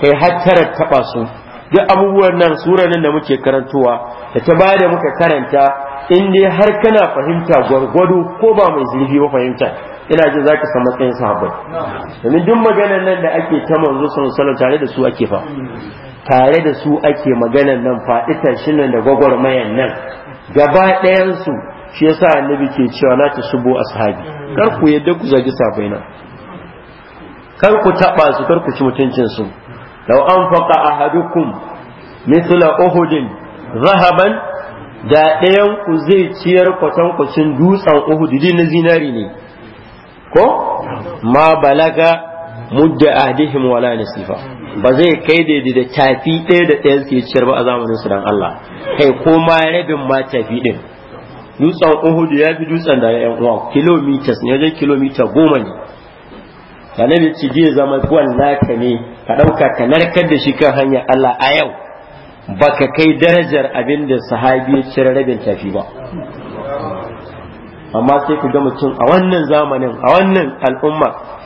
kai hattara taɓa su duk abubuwan nan suranin da muke karantowa da ta ba da muka karanta in dai har kana fahimta gwargwado ko ba mai zurfi ba fahimta ina jin zaka san matsayin sahabbai domin duk maganar nan da ake ta manzo sallallahu alaihi tare da su ake fa mm. tare da su ake maganan nan faɗi tashin nan da gwagwarmayan nan gaba ɗayansu shi yasa annabi ke cewa la ta subo ashabi kar ku yadda ku zagi sabaina kar ku taɓa su kar ku ci mutuncin su law anfaqa ahadukum mithla uhudin zahaban da ɗayan ku zai ciyar kwacin dutsen uhud din na zinari ne ko ma balaga mudda ahdihim wala nasifa ba zai kai daidai da tafi ɗaya da ɗaya su ciyar ba a zamanin su dan Allah kai ko ma rabin ma tafi ɗin dutsen Uhud ya fi dutsen da ya uwa kilomitas ne wajen kilomita goma ne annabi ce zai zama gwan naka ne ka ɗauka ka narkar da shi kan hanyar Allah a yau baka kai darajar abin da sahabi ya cire rabin tafi ba amma sai ku ga mutum a wannan zamanin a wannan al'umma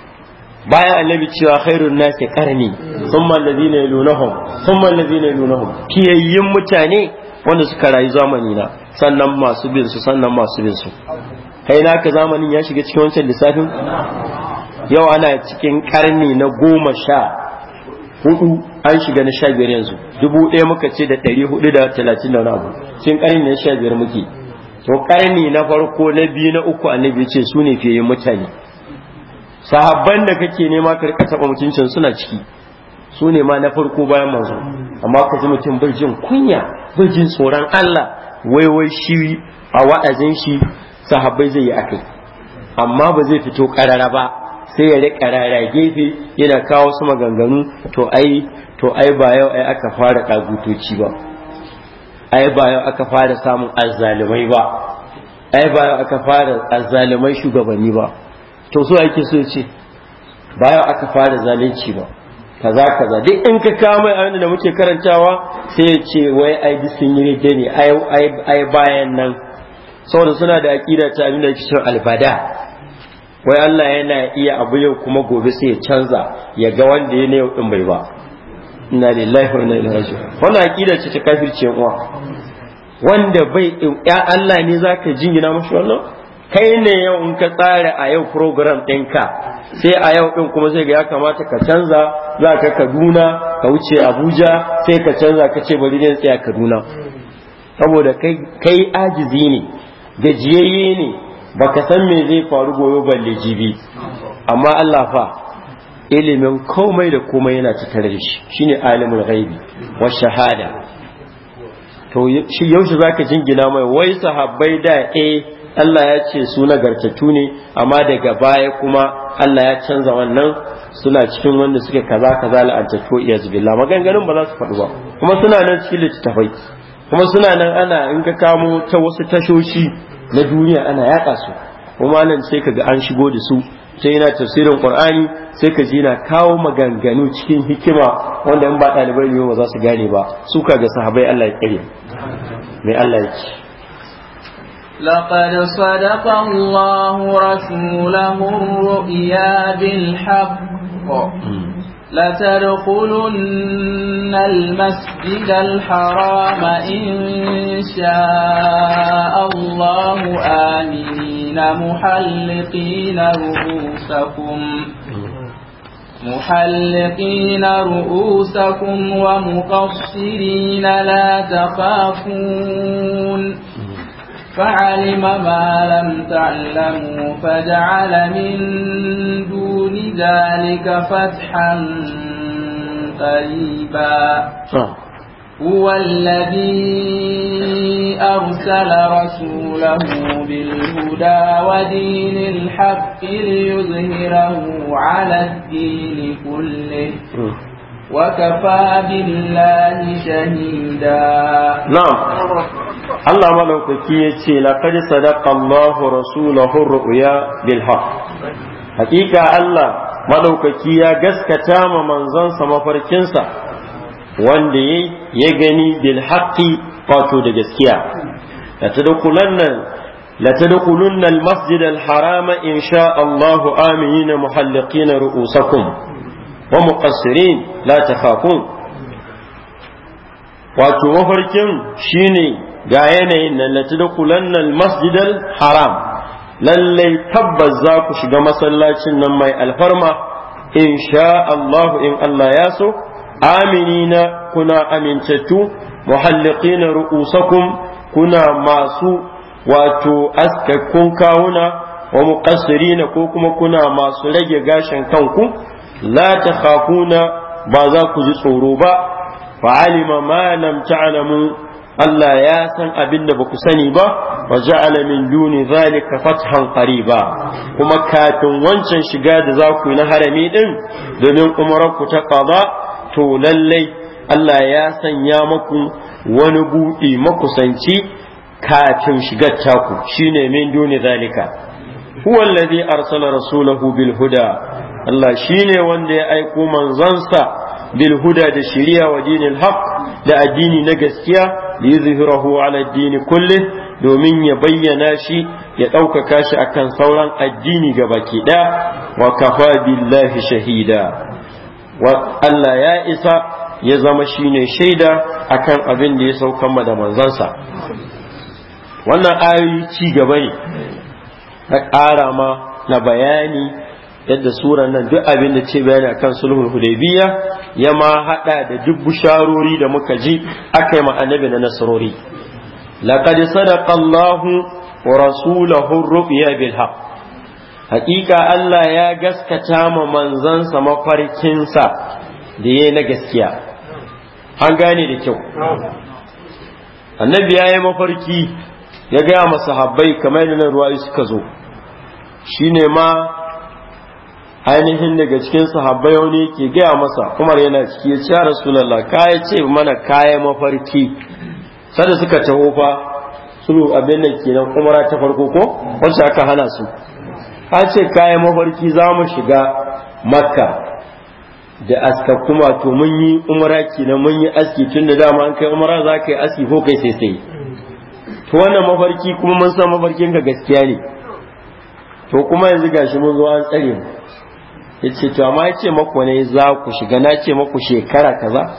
bayan annabi cewa khairun nasi karni thumma allazina yalunahum thumma ne yalunahum kiyayyin mutane wanda suka rayu zamani na sannan masu bin su sannan masu bin su kai ka zamanin ya shiga cikin wancan lissafin yau ana cikin karni na goma sha hudu an shiga na sha biyar yanzu dubu ɗaya muka ce da ɗari hudu da talatin da wani abu cikin karni na sha biyar muke to karni na farko na biyu na uku annabi ce su ne fiye mutane sahabban da kake nema ka rika taba mutuncin suna ciki su ne ma na farko bayan manzo amma ka ji mutum bai jin kunya bai jin tsoron Allah wai wai shi a wa'azin shi sahabbai zai yi akai amma ba zai fito karara ba sai ya rika rara gefe yana kawo su maganganu to ai to ai ba yau ai aka fara kagutoci ba ai ba yau aka fara samun azzalumai ba ai ba aka fara azzalumai shugabanni ba to so yake so ya ce bayan aka fara zalunci ba kaza kaza duk in ka kawo mai abin da muke karantawa sai ya ce wai ai duk sun yi rage ne ai bayan nan saboda suna da aƙida ta abin da yake cewa albada wai Allah yana iya abu yau kuma gobe sai ya canza ya ga wanda ya yau din bai ba ina lillahi wa inna ilaihi raji'un wannan aqida ce ta kafirce uwa wanda bai ya Allah ne zaka jingina mashi wannan kai ne yau in ka tsara a yau program ɗinka sai a yau ɗin kuma zai ga ya kamata ka canza za ka kaduna ka wuce abuja sai ka canza ka ce bari zai tsaya kaduna saboda kai ajizi ne gajiyayye ne baka san me zai faru gobe balle jibi amma Allah fa ilimin komai da komai yana cikin da shi shine alimul ghaibi wa shahada to shi yaushe zaka jingina mai wai sahabbai da eh Allah ya ce su nagartattu ne amma daga baya kuma Allah ya canza wannan suna cikin wanda suke kaza kaza la'antattu iya zubillah maganganun ba za su faɗu ba kuma suna nan cikin littattafai kuma suna nan ana in ka kamo ta wasu tashoshi na duniya ana yaƙa su kuma nan sai ka ga an shigo da su ta yana tafsirin qur'ani sai ka ji na kawo maganganu cikin hikima wanda in ba ɗalibai ne ba za su gane ba su ga sahabai Allah ya kare mai Allah ya ci. لقد صدق الله رسوله الرؤيا بالحق لتدخلن المسجد الحرام إن شاء الله آمنين محلقين رؤوسكم محلقين رؤوسكم ومقصرين لا تخافون فعلم ما لم تعلموا فجعل من دون ذلك فتحا قريبا هو الذي أرسل رسوله بالهدى ودين الحق ليظهره على الدين كله وكفى بالله شهيدا نعم Allah malaukaki ya ce laqad sadaqa Allahu rasulahu ru'ya bil hakika Allah malaukaki ya gaskata ma manzansa mafarkinsa wanda ya gani bilhaki haqqi wato da gaskiya لتدخلن المسجد الحرام إن شاء الله آمنين محلقين رؤوسكم ومقصرين لا تخافون wato mafarkin shine ga yanayin nan latadkhulanna masjidal haram lallai tabbas za ku shiga masallacin nan mai alfarma in sha Allah in Allah ya so aminina kuna amincattu muhalliqina ru'usakum kuna masu wato askakkun kawuna wa muqassirina ko kuma kuna masu rage gashin kanku la takhafuna ba za ku ji tsoro ba fa alima ma lam ta'lamu Allah ya san abin da baku sani ba wa ja'ala min duni zalika fathan qariba kuma kafin wancan shiga da za ku yi na harami ɗin, domin umarar ku ta qada to lallai Allah ya sanya maku wani buɗi makusanci kafin shigar taku shine min duni zalika huwa allazi arsala rasulahu bil huda Allah shine wanda ya aiko manzansa bil huda da shiriya wa dinin haqq da addini na gaskiya liyuzhirahu ala ad-din domin ya bayyana shi ya ɗaukaka shi akan sauran addini gabaki ɗaya wa kafa billahi shahida wa Allah ya isa ya zama shine shaida akan abin da ya saukan da manzansa wannan ayoyi ci gaba ne na ƙara ma na bayani yadda suran nan duk abin da ce bayani kan sulhul hudaybiya ya ma hada da duk busharori da muka ji aka yi annabi na nasarori laqad sadaqa Allahu wa rasuluhu ru'ya bil haqq haqiqa Allah ya gaskata ma manzansa sa da yayi na gaskiya an gane da kyau annabi ya yi mafarki ya ga masahabbai kamar da nan ruwayi suka zo shine ma ainihin daga cikin sahabbai wani ke gaya masa umar yana ciki ya ce rasulallah kaya ce mana kaya mafarki sada suka taho fa sulu abin nan kenan umara ta farko ko wacce aka hana su ka ce kaya mafarki za mu shiga makka da aska kuma to mun yi umara na mun yi aski tun da dama an kai umara za ka yi aski ko kai sai sai to wannan mafarki kuma mun san mafarkin ka gaskiya ne to kuma yanzu gashi mun zo an tsare mu yace to amma yace maku ne za ku shiga na ce maku shekara kaza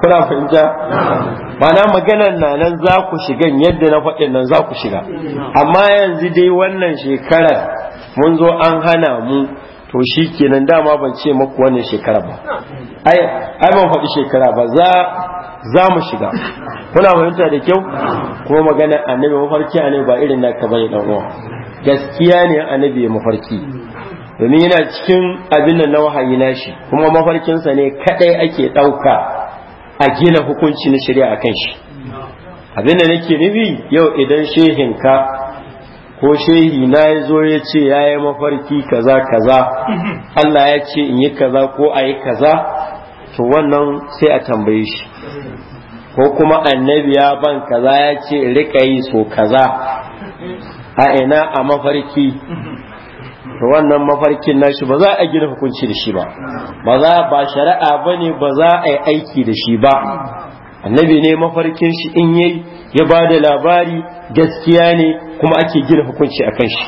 kuna fahimta mana maganar na nan za ku shiga, yadda na faɗin nan za ku shiga amma yanzu dai wannan shekarar mun zo an hana mu to shi kenan dama ban ce maku wannan shekara ba ai ai ban faɗi shekara ba za za mu shiga kuna fahimta da kyau kuma magana annabi mafarki annabi ba irin naka bane dan uwa gaskiya ne annabi mafarki domin yana cikin abin nan na wahayi nashi kuma mafarkinsa ne kadai ake ɗauka a gina hukunci na shari'a kan shi abin da nake nufi yau idan shehin ka ko shehi na ya zo ya ce ya yi mafarki kaza kaza Allah ya ce in yi kaza ko a yi kaza to wannan sai a tambaye shi ko kuma annabi ya ban kaza ya ce rika yi so kaza a ina a mafarki to wannan mafarkin nashi ba za a gina hukunci da shi ba ba za ba shari'a bane ba za a yi aiki da shi ba annabi ne mafarkin shi in yayi ya ba da labari gaskiya ne kuma ake gina hukunci a kan shi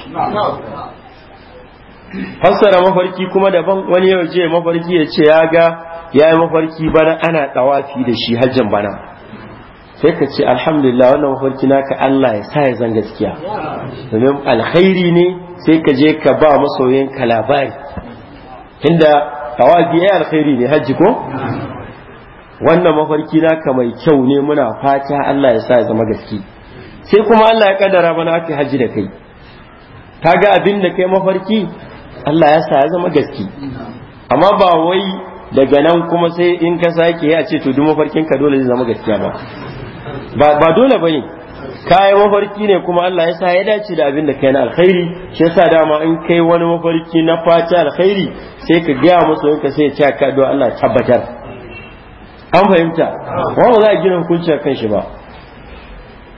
fassara mafarki kuma daban wani yau je mafarki ya ce ya ga ya yi mafarki bana ana ɗawafi da shi hajjan bana sai ka ce alhamdulillah wannan mafarki naka Allah ya sa ya zan gaskiya domin alkhairi ne sai ka je ka ba masoyin ka labari inda tawafi ya alkhairi ne hajji ko wannan mafarki naka mai kyau ne muna fata Allah ya sa ya zama gaski sai kuma Allah ya kaddara mana aka hajji da kai ga abin da kai mafarki Allah ya sa ya zama gaski amma ba wai daga nan kuma sai in ka sake a ce to duk mafarkin ka dole zai zama gaskiya ba ba dole ba ne kayan mafarki ne kuma Allah ya sa ya dace da abin da kai na alkhairi shi yasa dama in kai wani mafarki na fata alkhairi sai ka gaya musu ka sai ya ce ka do Allah tabbatar an fahimta ba za a gina hukunci kan shi ba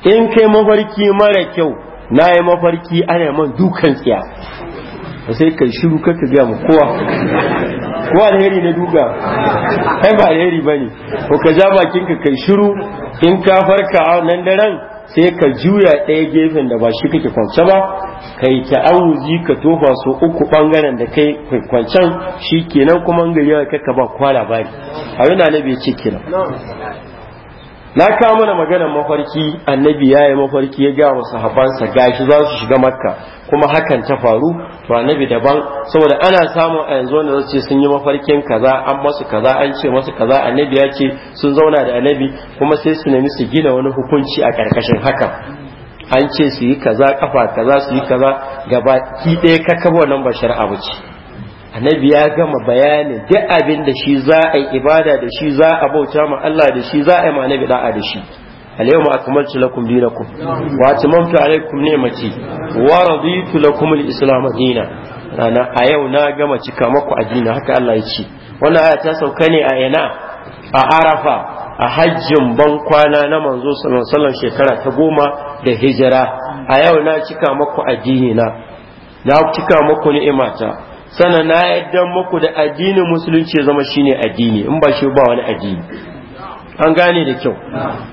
in kai mafarki mara kyau na yi mafarki ana man dukan tsiya sai ka shiru ka gaya mu kowa ko alheri na duga kai ba alheri bane ko ka ja bakin ka kai shiru in ka farka nan daren sai ka juya ɗaya gefen da ba shi kake kwance ba kai ta auzi ka tofa su uku bangaren da kai kwancan shi kenan kuma kai ka ba kwa labari abin na bai ce kenan na kawo mana maganar mafarki annabi ya yi mafarki ya gaya wa sahabansa gashi za su shiga makka kuma hakan ta faru to annabi daban saboda ana samun a yanzu wanda zace sun yi mafarkin kaza an masu kaza an ce masu kaza annabi ya ce sun zauna da annabi kuma sai su nemi su gina wani hukunci a karkashin haka an ce su yi kaza kafa kaza su yi kaza gaba ki ɗaya kakabo nan ba shari'a ba ce annabi ya gama bayanin duk abin da shi za a yi ibada da shi za a bauta ma Allah da shi za a yi ma annabi da'a da shi alayhi yawma akmaltu lakum dinakum wa atmamtu alaykum ni'mati wa raditu lakum al-islam dinan rana a yau na gama cika maku addini haka Allah ya ce wannan aya ta sauka ne a ina a arafa a hajjin ban kwana na manzo sallallahu alaihi shekara ta goma da hijira a yau na cika maku addini na na cika maku ni'imata sana na yadda muku da addinin musulunci ya zama shine addini in ba shi ba wani addini an gane da kyau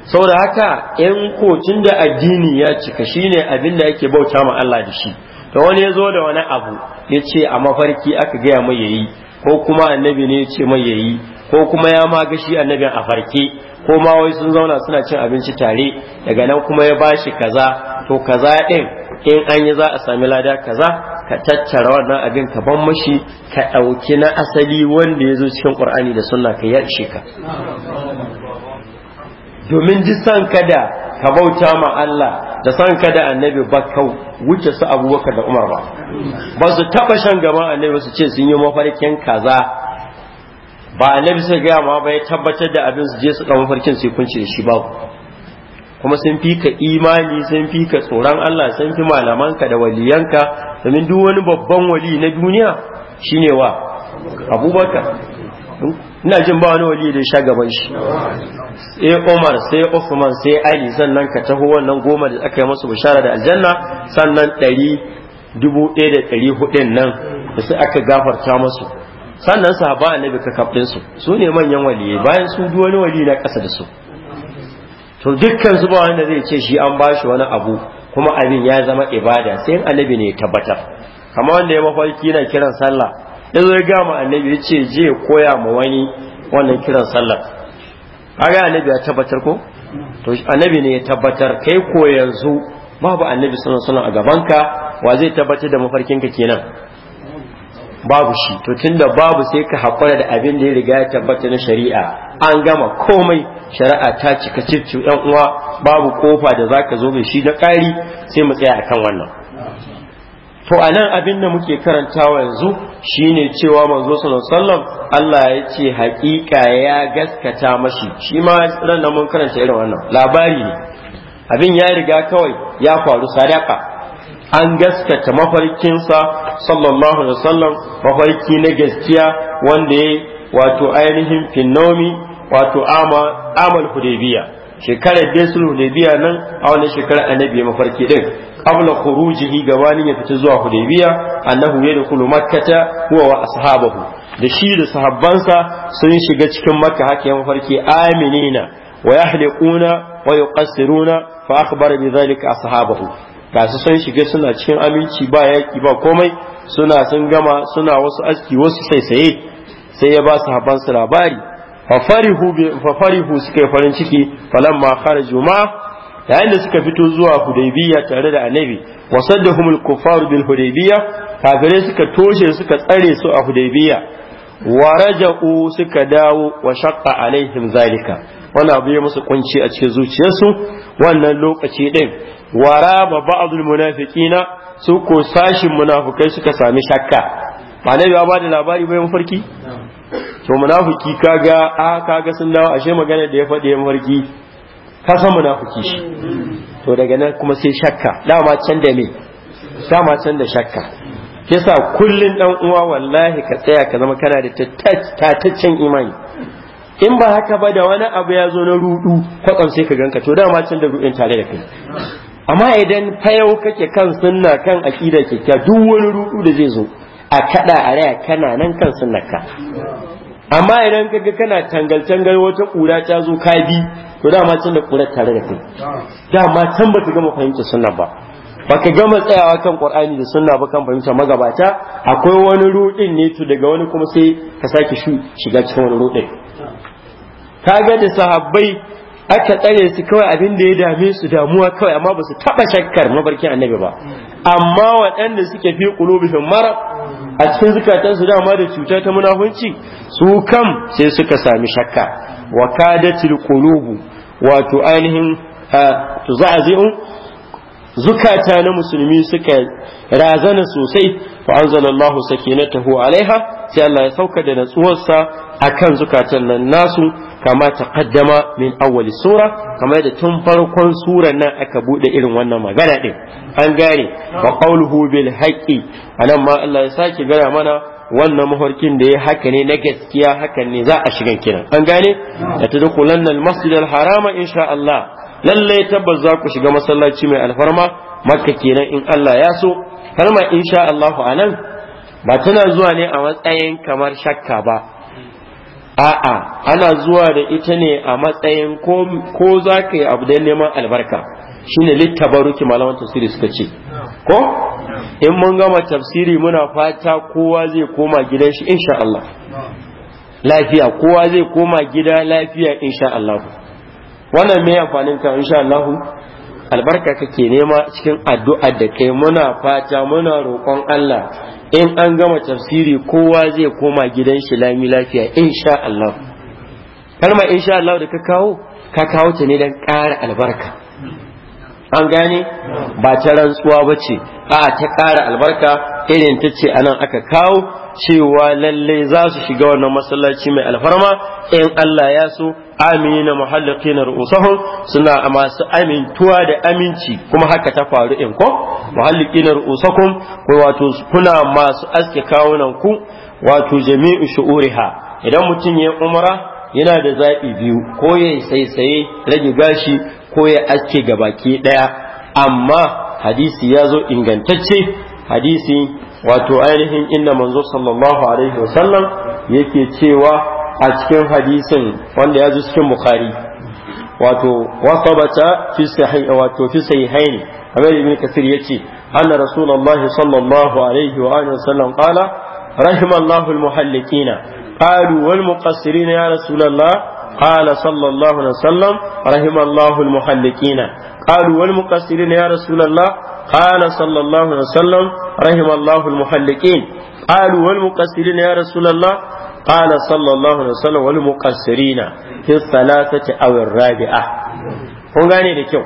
saboda haka yan kotun da addini ya cika shine abin da yake bauta ma Allah da shi to wani ya zo da wani abu ya ce a mafarki aka gaya mai yayi ko kuma annabi ne ya ce mai yayi ko kuma ya ma gashi annabin a farke ko ma wai sun zauna suna cin abinci tare daga nan kuma ya bashi kaza to kaza din in an yi za a sami lada kaza ka tattara wannan abin ka ban mashi ka ɗauki na asali wanda ya zo cikin ƙur'ani da sunna ka yi ishe ka domin ji san kada ka bauta ma Allah da san kada annabi ba ka wuce su abubakar da umar ba ba su taɓa shan gaban annabi su ce sun yi mafarkin kaza ba annabi sai gaya ma ba ya tabbatar da abin su je su ɗan mafarkin su yi kunci da shi babu kuma sun fi ka imani sun fi ka tsoron Allah sun fi malamanka da waliyanka domin duk wani babban wali na duniya shine wa abubakar ina jin ba wani wali da sha gaban shi sai Umar sai osman sai Ali sannan ka taho wannan goma da aka yi masu bishara da aljanna sannan ɗari dubu ɗaya da ɗari hudun nan da sai aka gafarta masu sannan sahaba annabi ka kafin su su ne manyan waliyai bayan su duk wani wali na ƙasa da su to dukkan su ba wanda zai ce shi an bashi wani abu kuma abin ya zama ibada sai in annabi ne tabbatar kamar wanda ya mafarki na kiran sallah ya zo ya ga mu annabi ya ce je koya ma wani wannan kiran sallah kaga annabi ya tabbatar ko to annabi ne ya tabbatar kai ko yanzu babu annabi sallallahu alaihi wasallam a gabanka wa zai tabbatar da mafarkinka kenan babu shi to tunda babu sai ka haƙura da abin da ya riga ya tabbata na shari'a an gama komai shari'a ta cika cicci yan uwa babu kofa da zaka zo mai shi da ƙari sai mu tsaya akan wannan to anan abin da muke karantawa yanzu shine cewa manzo sallallahu alaihi Allah ya ce haƙiƙa ya gaskata mashi shi ma ran mun karanta irin wannan labari ne abin ya riga kawai ya faru sadaka an gaskata mafarkinsa sallallahu alaihi wasallam mafarki na gaskiya wanda ya wato ainihin finnomi wato amal hudaybiya shekarar dai sulhu nan a wannan shekarar annabi mafarki din qabla Kurujihi gabanin ya fita zuwa hudaybiya annahu yadkhulu makkata huwa wa ashabahu da shi da sahabbansa sun shiga cikin makka haka ya mafarki aminina wa yahliquna wa yuqassiruna fa akhbara bi dhalika ashabahu ga su san shiga suna cikin aminci ba yaki ba komai suna sun gama suna wasu aski wasu saisaye sai ya ba su habansu labari fafarihu suka yi farin ciki falan ma kharaju ma yayin da suka fito zuwa hudaybiya tare da annabi wasaddahumul kuffar bil hudaybiya kafirai suka toshe suka tsare su a hudaybiya Waraja'u suka dawo wa shaqqa alaihim zalika wani abu ya musu kunci a cikin zuciyarsu wannan lokaci din wara ba ba'dul na su ko sashin munafukai suka sami shakka ba na nabi ba da labari bai mafarki to munafiki kaga a kaga sun dawo ashe magana da ya faɗi mafarki ka san munafiki shi to daga nan kuma sai shakka dama can da me dama can da shakka yasa kullun dan uwa wallahi ka tsaya ka zama kana da tattaccen imani in ba haka ba da wani abu ya zo na rudu kwakwam sai ka ganka to dama can da rudin tare da kai amma idan fayau kake kan sunna kan aqida kyakkya duk wani rudu da zai zo a kada a raya kana nan kan sunna ka amma idan ka ga kana tangal tangal wata kura ta zo ka bi to dama can da kura tare da kai dama can ba ka gama fahimtar sunna ba baka gama tsayawa kan qur'ani da sunna ba kan fahimtar magabata akwai wani rudin ne to daga wani kuma sai ka sake shiga cikin wani rudin ta ga da sahabbai aka tsare su kawai abin da ya dame su damuwa kawai amma ba su taba shakkar mabarkin annabi ba amma waɗanda suke fi qulubihim mara a cikin zukatan su dama da cuta ta munafunci su kam sai suka sami shakka wa kadatil qulubu wato ainihin tuzazi'un zukata na musulmi suka razana sosai fa anzalallahu sakinatahu alaiha sai Allah ya sauka da natsuwarsa akan zukatan nan nasu kama kaddama min awwal sura kama da tun farkon suran nan aka bude irin wannan magana din an gane wa qawluhu bil haqqi anan ma Allah ya sake gaya mana wannan mahorkin da ya haka ne na gaskiya hakan ne za a shiga kiran an gane da tadkhulanna al masjid al harama insha Allah lalle tabbas za ku shiga masallaci mai alfarma makka kenan in Allah ya so Kalma insha Allah anan ba tana zuwa ne a matsayin kamar shakka ba a'a ana zuwa da ita ne a matsayin ko za ka yi abu da neman albarka shine littabaruki malaman tafsiri suka ce ko in mun gama tafsiri muna fata kowa zai koma gidan shi insha Allah lafiya kowa zai koma gida lafiya insha Allah wannan me amfanin ka insha Allah albarka kake nema cikin addu'a da kai muna fata muna roƙon Allah in an gama tafsiri kowa zai koma gidan shi lami lafiya insha Allah kalma insha Allah da ka kawo ka kawo ta ne dan ƙara albarka an gane ba ta rantsuwa ba ce a ta ƙara albarka irin ta ce anan aka kawo cewa lalle za su shiga wannan masallaci mai alfarma in Allah ya so amina muhallaqin ru'usuhum suna masu amintuwa da aminci kuma haka ta faru in ko muhallaqin ru'usukum ko wato kuna masu aske kawunan ku wato jami'u shu'uriha idan mutum ya umra yana da zaɓi biyu ko ya saisaye rage gashi ko ya aske gabaki ɗaya amma hadisi ya zo ingantacce hadisi wato ainihin inda manzo sallallahu alaihi wasallam yake cewa a cikin hadisin wanda ya zo cikin bukhari wato wasabata fi sahih wato fi sahihain kamar ibn kasir yace anna rasulullahi sallallahu alaihi wa alihi wasallam qala rahimallahu almuhallikina qalu wal ya rasulullah قال صلى الله عليه وسلم رحم الله المحلقين قالوا والمقصرين يا رسول الله قال صلى الله عليه وسلم رحم الله المحلقين قالوا والمقصرين يا رسول الله قال صلى الله عليه وسلم والمقصرين في الثلاثة أو الرابعة kun gane da kyau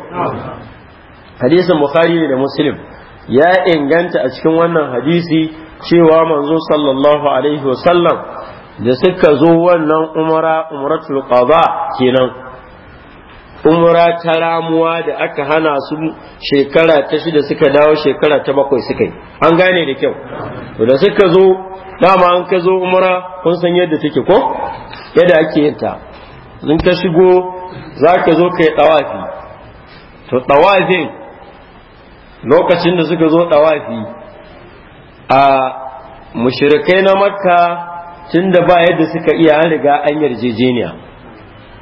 hadisin bukhari ne da muslim ya inganta a cikin wannan hadisi cewa manzo sallallahu alaihi wasallam da suka zo wannan umara umaratul qada kenan umara ta ramuwa da aka hana su shekara ta shida suka dawo shekara ta bakwai suka yi an gane da kyau to da suka zo dama an ka zo umara kun san yadda take ko yadda ake yin ta in ka shigo za ka zo ka yi ɗawafi to ɗawafin lokacin da suka zo ɗawafi a mushirikai na makka tunda ba yadda suka iya an riga an yarjejeniya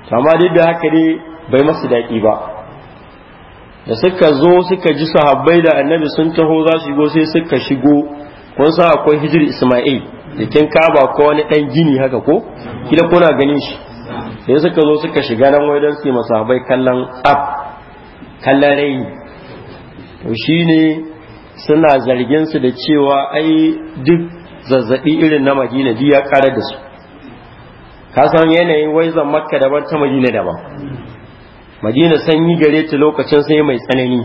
to amma duk da haka dai bai masu daɗi ba da suka zo suka ji sahabbai da annabi sun taho za su shigo sai suka shigo kun san akwai hijir isma'il jikin kaba ko wani ɗan gini haka ko kila kuna ganin shi sai suka zo suka shiga nan wai don su yi masahabai kallon tsaf kallon rai to shine suna zargin su da cewa ai duk zazzabi irin na madina ya kare da su ka san yanayin wai zan makka daban ta madina daban madina sanyi gare ta lokacin sai mai tsanani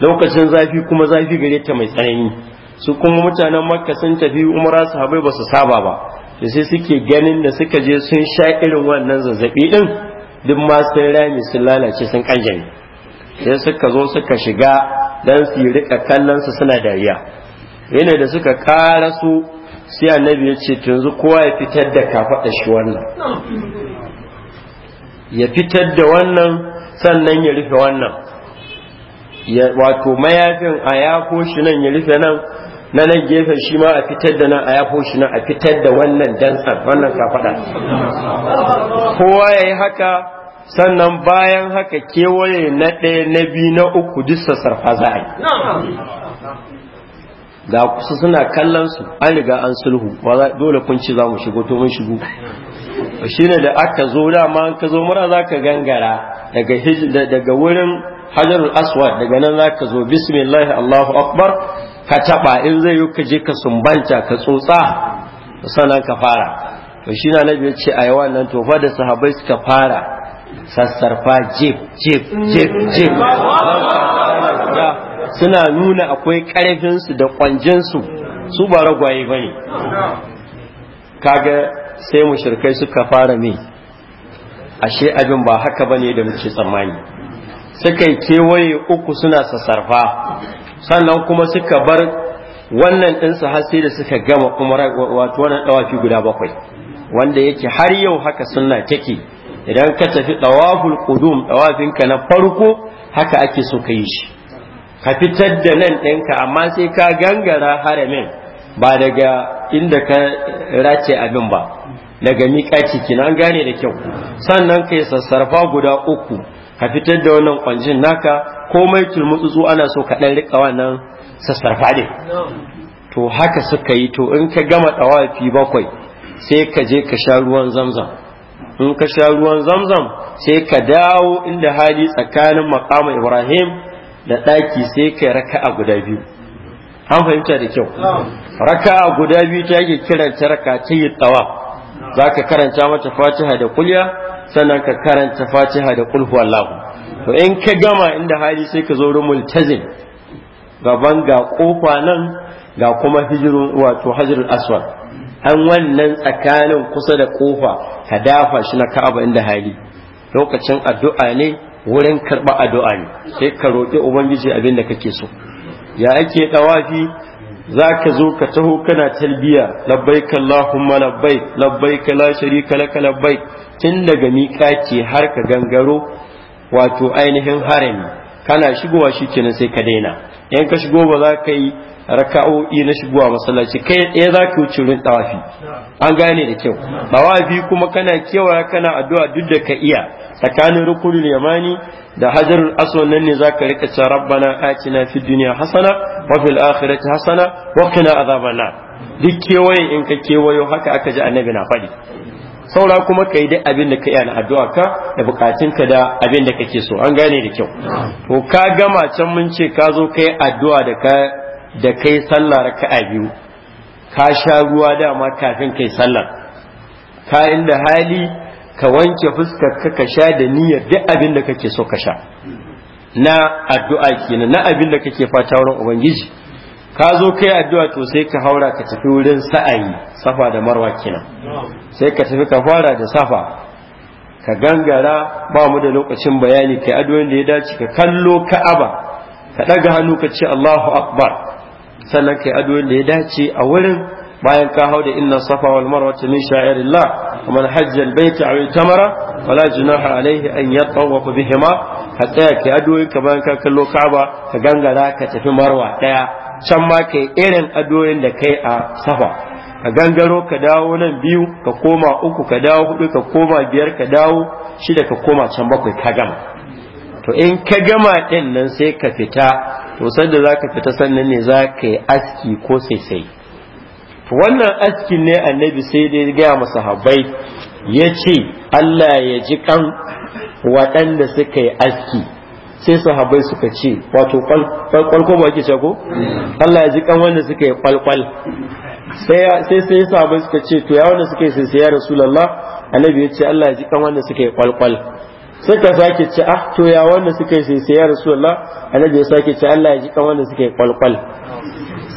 lokacin zafi kuma zafi gare ta mai tsanani su kuma mutanen makka sun tafi umara habai ba su saba ba da sai suke ganin da suka je sun sha irin wannan zazzabi din duk ma sun rami sun lalace sun kanjani sai suka zo suka shiga dan su rika kallon su suna dariya yana da suka su sai annabi ya ce yanzu kowa ya fitar da kafaɗa shi wannan ya fitar da wannan sannan ya rufe wannan wato mayafin a ya shi nan ya rufe nan na nan gefen shi ma a fitar da nan a ya shi nan a fitar da wannan dantsar wannan kafaɗa kowa ya yi haka sannan bayan haka kewaye na ɗaya na biyu na uku duk sassarfa za a yi Da kusa suna kallon su an riga an sulhu dole kun ci za mu shigo to mun shigo shi ne da aka zo dama an ka zo mura za ka gangara daga daga wurin hajarul aswad daga nan za ka zo bismillah allahu akbar ka taba in zai yi ka je ka sumbanta ka tsotsa sannan ka fara to shi na nabi ya ce a yawan nan fa da sahabai suka fara sassarfa jeep jeep jeep jeep suna nuna akwai ƙarfinsu da kwanjinsu su ba ragwaye ba ne kaga sai mu shirkai suka fara mai ashe abin ba haka ba ne da muke tsammani suka yi kewaye uku suna sassarfa sannan kuma suka bar wannan ɗinsu har sai da suka gama kuma wato wannan ɗawafi guda bakwai wanda yake har yau haka suna take idan ka tafi ɗawaful ƙudum ɗawafinka na farko haka ake so ka yi shi ka fitar da nan ɗinka amma sai ka gangara haramin ba daga inda ka race abin ba daga miƙaci kina an gane da kyau sannan ka yi sassarfa guda uku ka fitar da wannan kwanjin naka komai tulmutsutsu ana so ka ɗan riƙa wannan sassarfa ne to haka suka yi to in ka gama ɗawafi bakwai sai ka je ka sha ruwan zamzam in ka sha ruwan zamzam sai ka dawo inda hali tsakanin maƙama ibrahim da ɗaki sai kai raka'a guda biyu an fahimta da kyau raka'a guda biyu ta yake kiranta raka ta yi tsawa za ka karanta mata fatiha da kulya sannan ka karanta fatiha da kulhu Labu. to in ka gama inda hali sai ka zo wurin multazim gaban ga kofa nan ga kuma hijirun wato hajirul aswad an wannan tsakanin kusa da kofa ka dafa shi na ka'aba inda hali lokacin addu'a ne wurin karɓa addu'a ne sai ka roƙi ubangiji abin da kake so ya ake ɗawafi za ka zo ka taho kana talbiya labbaik labbai labbai labbaik shari kala kala bai tun daga miƙa ce har ka gangaro wato ainihin harami kana shigowa shi kenan sai ka daina in ka shigo ba za ka yi raka'o'i na shigowa masallaci kai ɗaya za ka wuce wurin tawafi an gane da kyau tawafi kuma kana kewaya kana addu'a duk da ka iya tsakanin rukunin yamani da hajarul aswan nan ne zaka rika cewa rabbana atina fid dunya hasana wa fil akhirati hasana wa qina azaban nar duk kewayen in ka kewayo haka aka ji annabi na faɗi saura kuma ka yi duk abin da ka yi na addu'a ka da bukatun ka da abin da kake so an gane da kyau to ka gama can mun ce ka zo ka yi addu'a da ka da kai sallah raka'a biyu ka sha ruwa dama kafin kai sallah ka inda hali ka wanke fuskar ka ka sha da niyyar duk abin da kake so ka sha na addu'a kenan na abin da kake fata wurin ubangiji ka zo kai addu'a to sai ka haura ka tafi wurin sa'ayi safa da marwa kenan sai ka tafi ka fara da safa ka gangara ba mu da lokacin bayani kai addu'a da ya dace ka kallo ka'aba ka daga hannu ka ce Allahu akbar sannan kai adoyin da ya dace a wurin bayan ka hau da inna safa wal marwa min sha'irillah man na al baita aw tamara wala junaha alayhi an yatawaf bihima ka tsaya kai adoyin ka bayan ka kallo Ka'aba ka gangara ka tafi Marwa daya can ma kai irin adoyin da kai a safa ka gangaro ka dawo nan biyu ka koma uku ka dawo hudu ka koma biyar ka dawo shida ka koma can bakwai ka gama to in ka gama din nan sai ka fita to da za ka fita sannan ne za ka yi aski ko saisai to wannan aski ne annabi sai dai gaya masa habai ya ce Allah ya ji kan waɗanda suka yi aski sai sahabai suka ce wato kwalkwal ba ake shago Allah ya ji kan wanda suka yi kwalkwal sai sai sahabai suka ce to ya wanda suka yi sai ya rasulullah annabi ya ce Allah ya ji kan wanda suka yi kwalkwal suka sake ci ah to ya wanda suka yi sai ya rasu Allah annabi ya sake ci. Allah ya ji kan wanda suka yi kwalkwal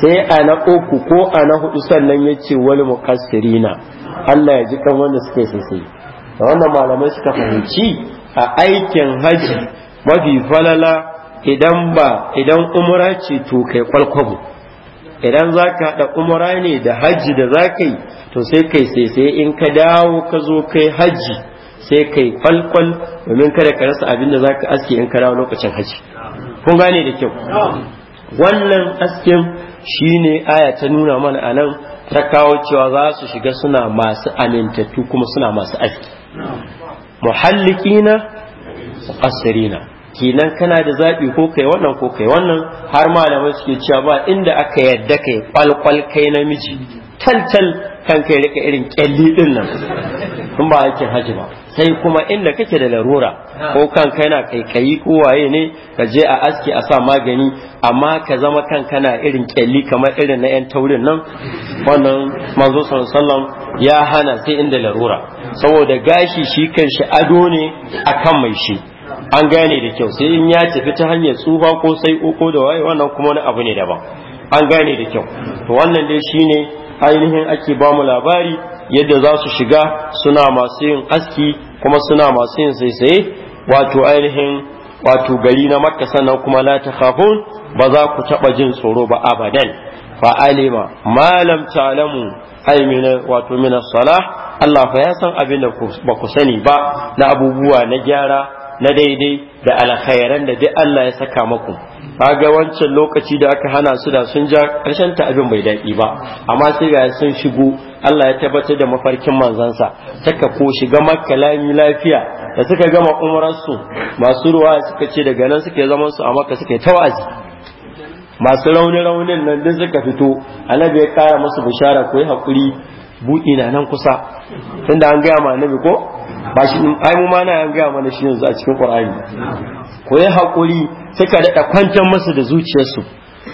sai a na uku ko a na hudu sannan ya ce wani mukassirina Allah ya ji kan wanda suka yi sai da wannan malamai suka fahimci a aikin haji mafi falala idan ba idan umra ce to kai kwalkwabo idan za ka haɗa umra ne da haji da za ka yi to sai kai sai sai in ka dawo ka zo kai haji sai kai kwalkwal domin kada ka rasa abin da zaka aske in ka dawo lokacin haji kun gane da kyau wannan asken shine aya ta nuna mana anan ta kawo cewa za su shiga suna masu amintattu kuma suna masu aski muhallikina asirina kenan kana da zaɓi ko kai wannan ko kai wannan har malamai suke cewa ba inda aka yadda kai kwalkwal kai namiji taltal Kan kai rika irin kyalli din nan kun ba aikin haji ba sai kuma inda kake da larura ko kan kai na kaikayi ko waye ne ka je a aski a sa magani amma ka zama kan kana irin kyalli kamar irin na yan taurin nan wannan manzo sallallahu ya hana sai inda larura saboda gashi shi kan shi ado ne akan mai shi an gane da kyau sai in ya tafi ta hanyar tsufa ko sai uku da waye wannan kuma wani abu ne daban an gane da kyau to wannan dai shine ainihin ake ba mu labari yadda za su shiga suna masu yin aski kuma suna masu yin saisaye wato ainihin wato gari na makka sannan kuma la ta ba za ku taba jin tsoro ba abadan Alima, malam talamu mina wato mina salah Allah fa ya san abin da ba ku sani ba na abubuwa na gyara na daidai da alkhairan da duk Allah ya saka maku kaga wancan lokaci da aka hana su da sun ja karshen ta abin bai daɗi ba amma sai ga sun shigo Allah ya tabbatar da mafarkin manzansa taka ko shiga makka lami lafiya da suka gama su masu ruwa suka ce daga nan suke zaman su a makka suke tawazi masu rauni raunin nan din suka fito annabi ya kara musu bishara ko yi hakuri buɗi na nan kusa tunda an gaya ma annabi ko ba shi ai mu ma na gaya mana shi yanzu a cikin qur'ani ko yi hakuri sai ka dada kwantar masa da zuciyarsu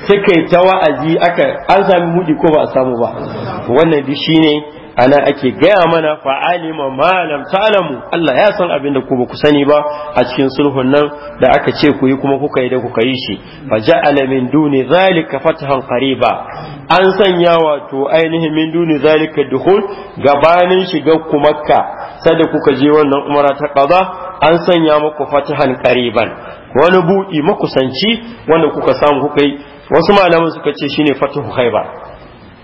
sai kai ta wa'azi aka an sami mudi ko ba a samu ba wannan shi ne. ana ake gaya mana ma malam ta'lamu Allah ya san abin da ku ba ku sani ba a cikin sulhun nan da aka ce ku yi kuma kuka yi da kuka yi shi fa ja'ala min duni zalika fathan qariba an sanya wato ainihin min duni zalika dukhul gabanin shiga ku makka sada kuka je wannan umara ta qaza an sanya muku fatahan qariban wani buɗi makusanci wanda kuka samu kuka yi wasu malaman suka ce shine fatahu khaybar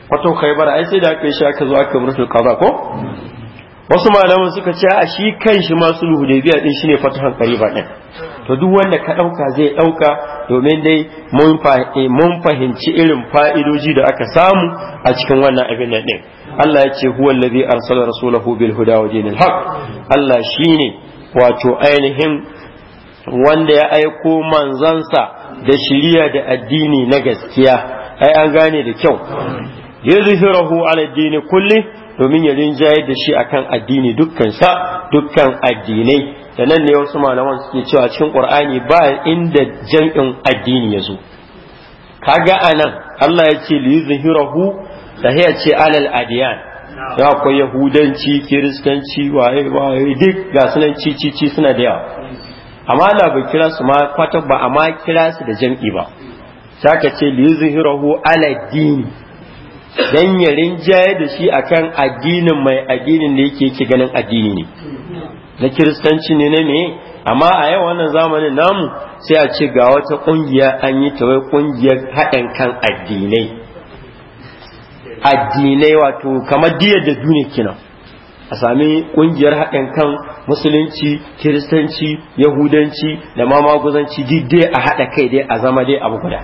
wato bara ai sai da aka yi shi aka zo aka murtul kaza ko wasu malaman suka ce a shi kan shi ma sulhu hudaybiya din shine fatahan qariba din to duk wanda ka dauka zai dauka domin dai eh, mun fahimci irin fa'idoji da aka samu a cikin wannan abin nan din Allah ya ce huwa allazi arsala rasulahu bil huda wa dinil haq Allah shine wato ainihin wanda ya aiko manzansa da shiriya da addini na gaskiya ai an gane da kyau yuzhirahu ala dini kulli domin ya rinjayar da shi akan addini dukkan sa dukkan addinai da nan ne wasu malaman suke cewa cikin qur'ani ba inda jam'in addini yazo kaga anan Allah ya ce li yuzhirahu da ce alal adiyan ya akwai yahudanci kiristanci waye waye duk ga sunan ci suna da yawa amma na bai kira su ma kwata ba amma kira su da jam'i ba saka ce li yuzhirahu ala dini dan ya rinjaye da shi akan addinin mai addinin da yake yake ganin addini ne na kiristanci ne ne. amma a yau wannan zamanin namu sai a ce ga wata kungiya an yi ta wai kungiyar haɗin kan addinai addinai wato kamar diyar da duniya kina a sami kungiyar haɗin kan musulunci kiristanci yahudanci da ma maguzanci a haɗa kai dai a zama dai abu guda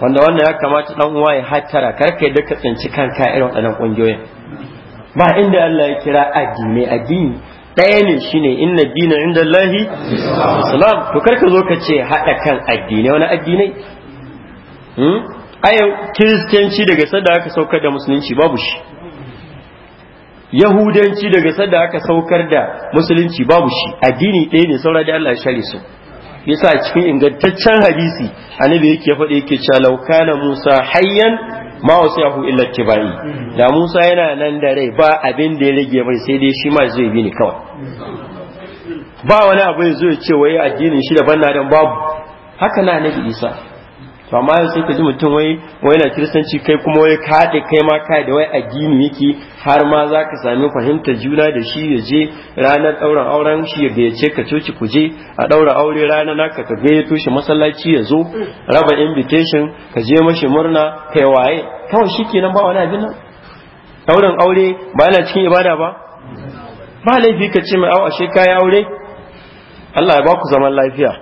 wanda wannan ya kamata dan uwa ya hattara karka yadda ka tsinci kanka irin waɗannan ƙungiyoyin ba inda Allah ya kira addini addini ɗaya ne shine inna dina inda Allah islam to karka zo ka ce haɗa kan addini wani addinai hmm? ayo kiristanci daga sanda aka saukar da musulunci babu shi yahudanci daga sanda aka saukar da musulunci babu shi addini ɗaya ne saura da Allah ya share su yasa cikin ingantaccen hadisi annabi yake faɗi yake cewa law kana Musa hayyan ma wasiyahu illa tibai da Musa yana nan da rai ba abin da ya rage mai sai dai shi ma zai bi ni kawai ba wani abu ya zo ya ce wai addinin shi daban na dan babu haka na annabi Isa to amma yau sai ka ji mutum wai wai na kiristanci kai kuma wai kaɗe kai ma kai da wai addini yake har ma za ka sami fahimtar juna da shi ya je ranar ɗaurin auren shi ya gayyace ka coci ku je a ɗaura aure ranar naka ka gaya toshe masallaci ya zo raba invitation ka je mashi murna kai waye kawai shi kenan ba wani abin nan ɗauran aure ba yana cikin ibada ba ba laifi ka ce mai au ashe kayi aure Allah ya ba ku zaman lafiya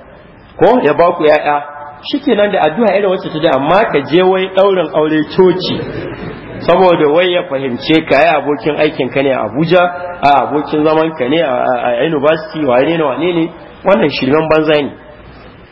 ko ya ba ku 'ya'ya nan da addu'a irin wacce ta da amma ka je wai ɗaurin aure coci saboda wai ya fahimce ka yi abokin aikin ka ne a Abuja a abokin zaman ka ne a university wa ne wane ne wannan shirmen banza ne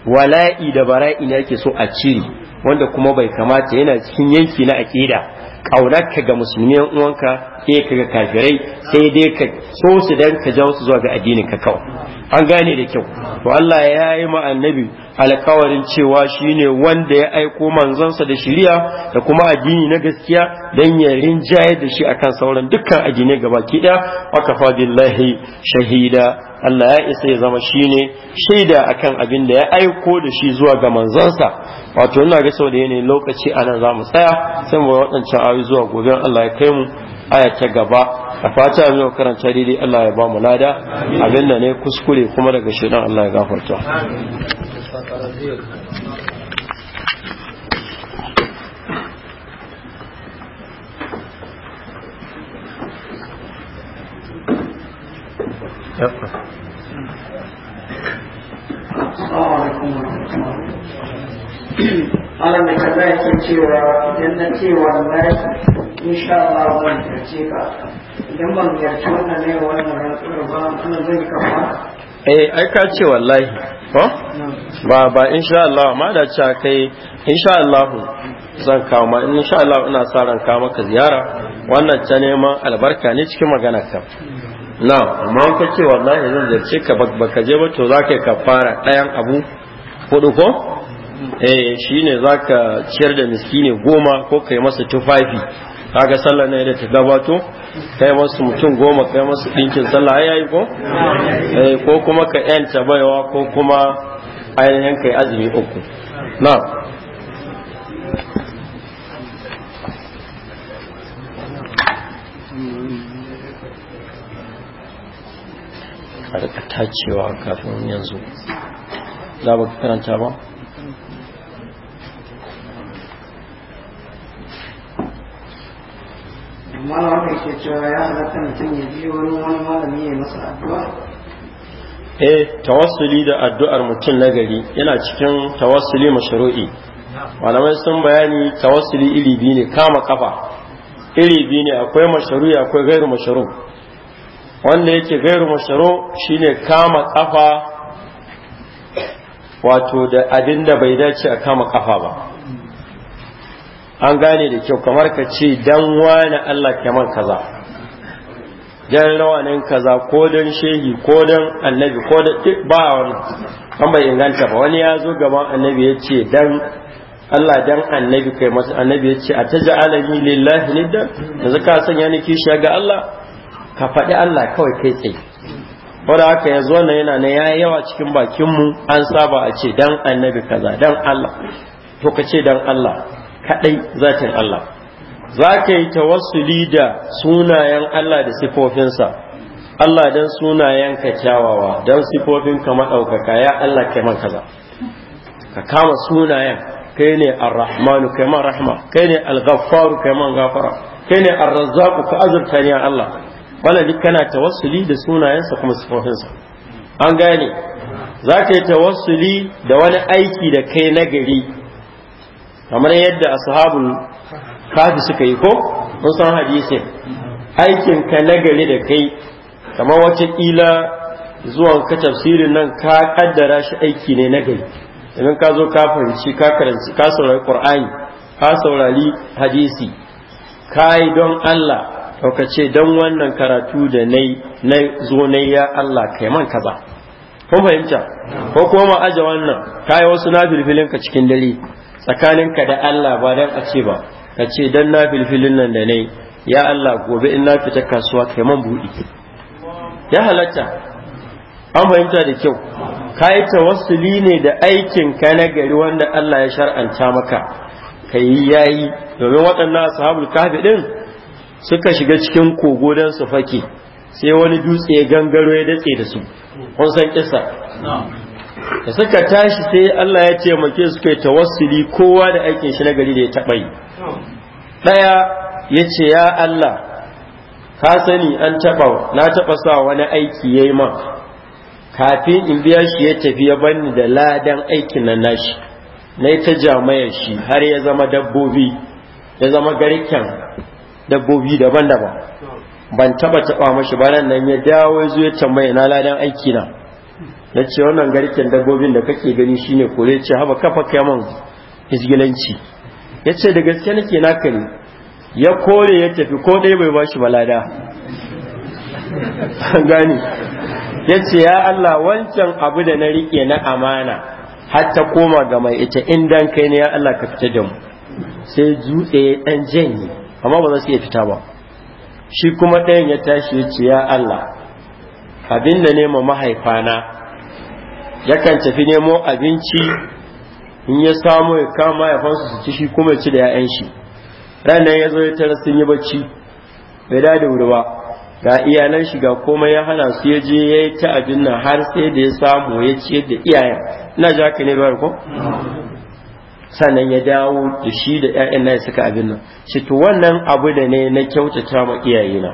wala'i da bara'i ne ake so a cire wanda kuma bai kamata yana cikin yanki na aƙida kaunarka ga musulmi uwanka sai ka ga kafirai sai dai ka so su dan ka jawo su zuwa ga addinin ka kawai an gane da kyau to Allah ya yi ma annabi alkawarin cewa shine wanda ya aiko manzonsa da shiriya da kuma addini na gaskiya dan ya rinjaye da shi akan sauran dukkan addinai gaba ki da wakafa billahi shahida Allah ya isa ya zama shi ne shaida a kan abin da ya aiko da shi zuwa ga manzansa wato ina ga sau da yanayin lokaci anan za mu tsaya sai mu waɗancan awi zuwa gobe Allah ya kai mu aya ta gaba a fata mai karanta daidai Allah ya ba mu lada abinda ne kuskure kuma daga shaidan Allah ya gafarta يقرأ السلام عليكم ورحمة الله Malam da za cewa idan na ce wallahi Allah zan tarce ka idan ban yarci wannan ne wannan rantsuwar ba Allah zai kafa eh ai ka ce wallahi ko ba ba insha Allah ma da cewa kai insha Allah zan kawo ma insha Allah ina sa ran kawo maka ziyara wannan ta neman albarka ne cikin magana ka na amma ka ce wallahi zan zarce ka baka je ba to zaka yi kafara ɗayan abu hudu ko eh shine zaka ciyar da miskini goma ko kai masa tufafi kaga sallah ne da ta gabato kai masa mutum goma kai masa dinkin sallah ai ko eh ko kuma ka yanta baiwa ko kuma ainihin kai azumi uku na ka rika tacewa kafin yanzu za ba ka karanta ba malama ke cewa ya halatta mutum ya biyo wani wani malami ya masa addu'a eh tawassuli da addu'ar mutum nagari yana cikin tawassuli mashru'i malamai sun bayani tawassuli iri ne kama kafa iri ne akwai mashru'i akwai gairu mashru'i wanda yake gairu masharo shine kama kafa wato da abin da bai dace a kama kafa ba an gane da kyau kamar ka ce dan wani Allah kaman kaza dan rawanin kaza ko dan shehi ko dan annabi ko da duk ba wani an bai inganta ba wani ya zo gaban annabi ya ce dan Allah dan annabi kai masa annabi ya ce a taja alami lillahi nidda yanzu zaka sanya ni kishiya ga Allah ka faɗi Allah kawai kai tsaye wadda haka zo na yana na yi yawa cikin bakinmu an saba a ce dan annabi kaza dan Allah to ka ce dan Allah kaɗai zatin Allah za ka yi tawassuli da sunayen Allah da sifofinsa Allah dan sunayen ka kyawawa dan sifofin ka maɗaukaka ya Allah kai man kaza ka kama sunayen kai ne a rahmanu kai man rahma kai ne al kai man gafara kai ne ar ka azurta ne Allah wala duk kana tawassuli da sunayensa kuma sifofinsa an gane za ka yi tawassuli da wani aiki da kai nagari kamar yadda ashabul kafi suka yi ko mun san hadisi, aikin ka nagari da kai kamar wata kila zuwan ka tafsirin nan ka kaddara shi aiki ne nagari idan ka zo ka fahimci ka karanci ka saurari qur'ani ka saurari hadisi ka don Allah to ka ce don wannan karatu da na zo na ya Allah kai man kaza kun fahimta ko kuma ma aje wannan yi wasu na filfilin cikin dare tsakaninka da Allah ba dan a ce ba ka ce don na filfilin nan da nai ya Allah gobe in na fita kasuwa kai man buɗi ya halatta an fahimta da kyau ka yi tawassuli ne da aikin ka na gari wanda Allah ya shar'anta maka ka yi yayi domin waɗannan ashabul kafi din suka shiga cikin kogo don su fake sai wani dutse ya gangaro ya datse da su kun san kisa da suka tashi sai Allah ya ce make su kai tawassuli kowa da aikin shi na gari da ya taɓa yi ɗaya ya ce ya Allah ka sani an taɓa na taɓa sa wani aiki yayi yi man kafin in biya shi ya tafi ya bani da ladan aikin nan nashi na ta jamayar shi har ya zama dabbobi ya zama garken dabbobi daban-daban ban taba taba mashi ba nan ya dawo ya zo ya tambaya na ladan aiki na ya ce wannan garken dabbobin da kake gani shine kore ya ce haba kafa kai man isgilanci ya ce da gaske nake naka ne ya kore ya tafi ko dai bai bashi balada gani ya ce ya Allah wancan abu da na rike na amana har ta koma ga mai ita in dan kai ne ya Allah ka fita da mu sai jutse ɗan janye amma ba za su iya fita ba shi kuma ɗayan ya tashi ya ce ya Allah abin da nema mahaifana yakan tafi nemo abinci in ya samu ya kama mahaifansu su ci shi kuma ya ci da ya'yan shi ranar ya zo ya tara sun yi bacci bai da da wuri ba ga iyalan shi ga komai ya hana su ya je ya yi ta abin nan har sai da ya samu ya ci da iyayen ina ji ne bayar ko sannan ya dawo da shi da 'ya'yana nan suka abin nan shi to wannan abu da ne na kyautata ma iyayena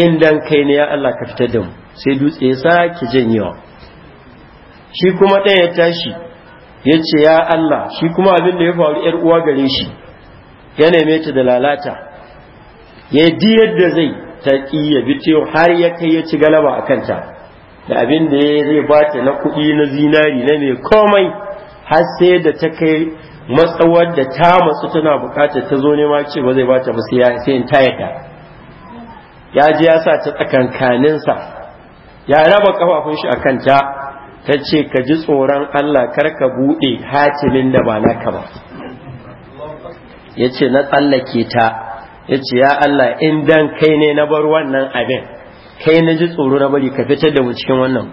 in dan kai ne ya Allah ka fitar da mu sai dutse ya sake janyewa shi kuma ɗaya ya tashi ya ce ya Allah shi kuma abin da ya faru ‘yar uwa gare shi ya neme ta da lalata ya di yadda zai ta ya bi har ya kai ya ci galaba a kanta da abin da ya zai bata na kuɗi na zinari na mai komai har sai da ta kai matsawar da ta matsu tana bukatar ta zo nema ce ba zai bata ba sai in taya ta ya ji ya sa ta sa. ya raba kafafun shi a kanta ta ce ka ji tsoron Allah kar ka buɗe hatimin da ba naka ba ya ce na tsallake ta ya ce ya Allah in dan kai ne na bar wannan abin kai na ji tsoro na bari ka fitar da mu cikin wannan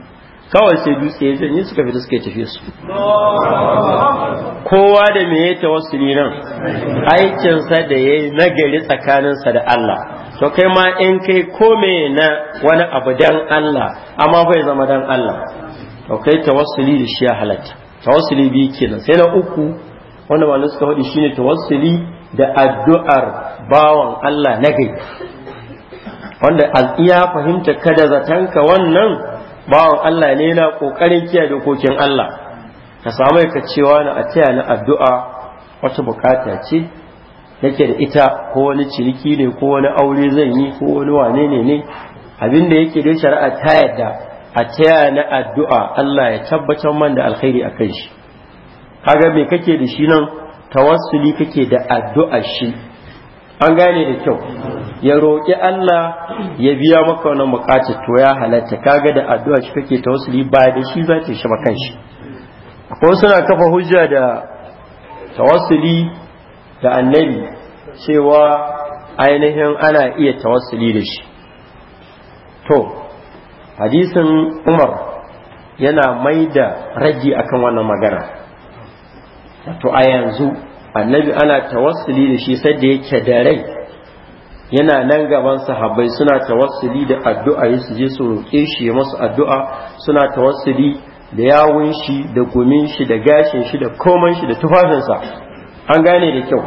kawai sai dutse ya janye suka fita suka tafi su kowa da me ya nan aikinsa da ya yi nagari tsakaninsa da Allah to kai ma in kai kome na wani abu dan Allah amma bai zama dan Allah to kai tawassuli da shi ya halatta tawassuli biyu kenan sai na uku wanda ma suka faɗi shine tawassuli da addu'ar bawan Allah na gai wanda al'iya fahimta kada zatanka wannan bawan Allah ne yana kokarin kiyaye dokokin Allah ka samu ka cewa na a taya na addu'a wata bukata ce nake da ita ko wani ciniki ne ko wani aure zan yi ko wani wane ne ne abin da yake da shari'a ta yadda a taya na addu'a Allah ya tabbatar man da alkhairi a kan shi kaga me kake da shi nan tawassuli kake da addu'a shi an gane da kyau ya roƙi Allah ya biya maka wannan buƙatar to ya halatta kaga da addu'a shi kake tawassuli ba da shi za ta shi ba kanshi akwai suna kafa hujja da tawassuli da annabi cewa ainihin ana iya tawassuli da shi to hadisin Umar yana mai da ragi akan wannan magana to a yanzu annabi ana tawassuli da shi sai da yake da rai yana nan gaban sahabbai suna tawassuli da addu'a su je su roƙe shi ya masu addu'a suna tawassuli da yawun shi da gumin shi da gashin shi da koman shi da tufafinsa an gane da kyau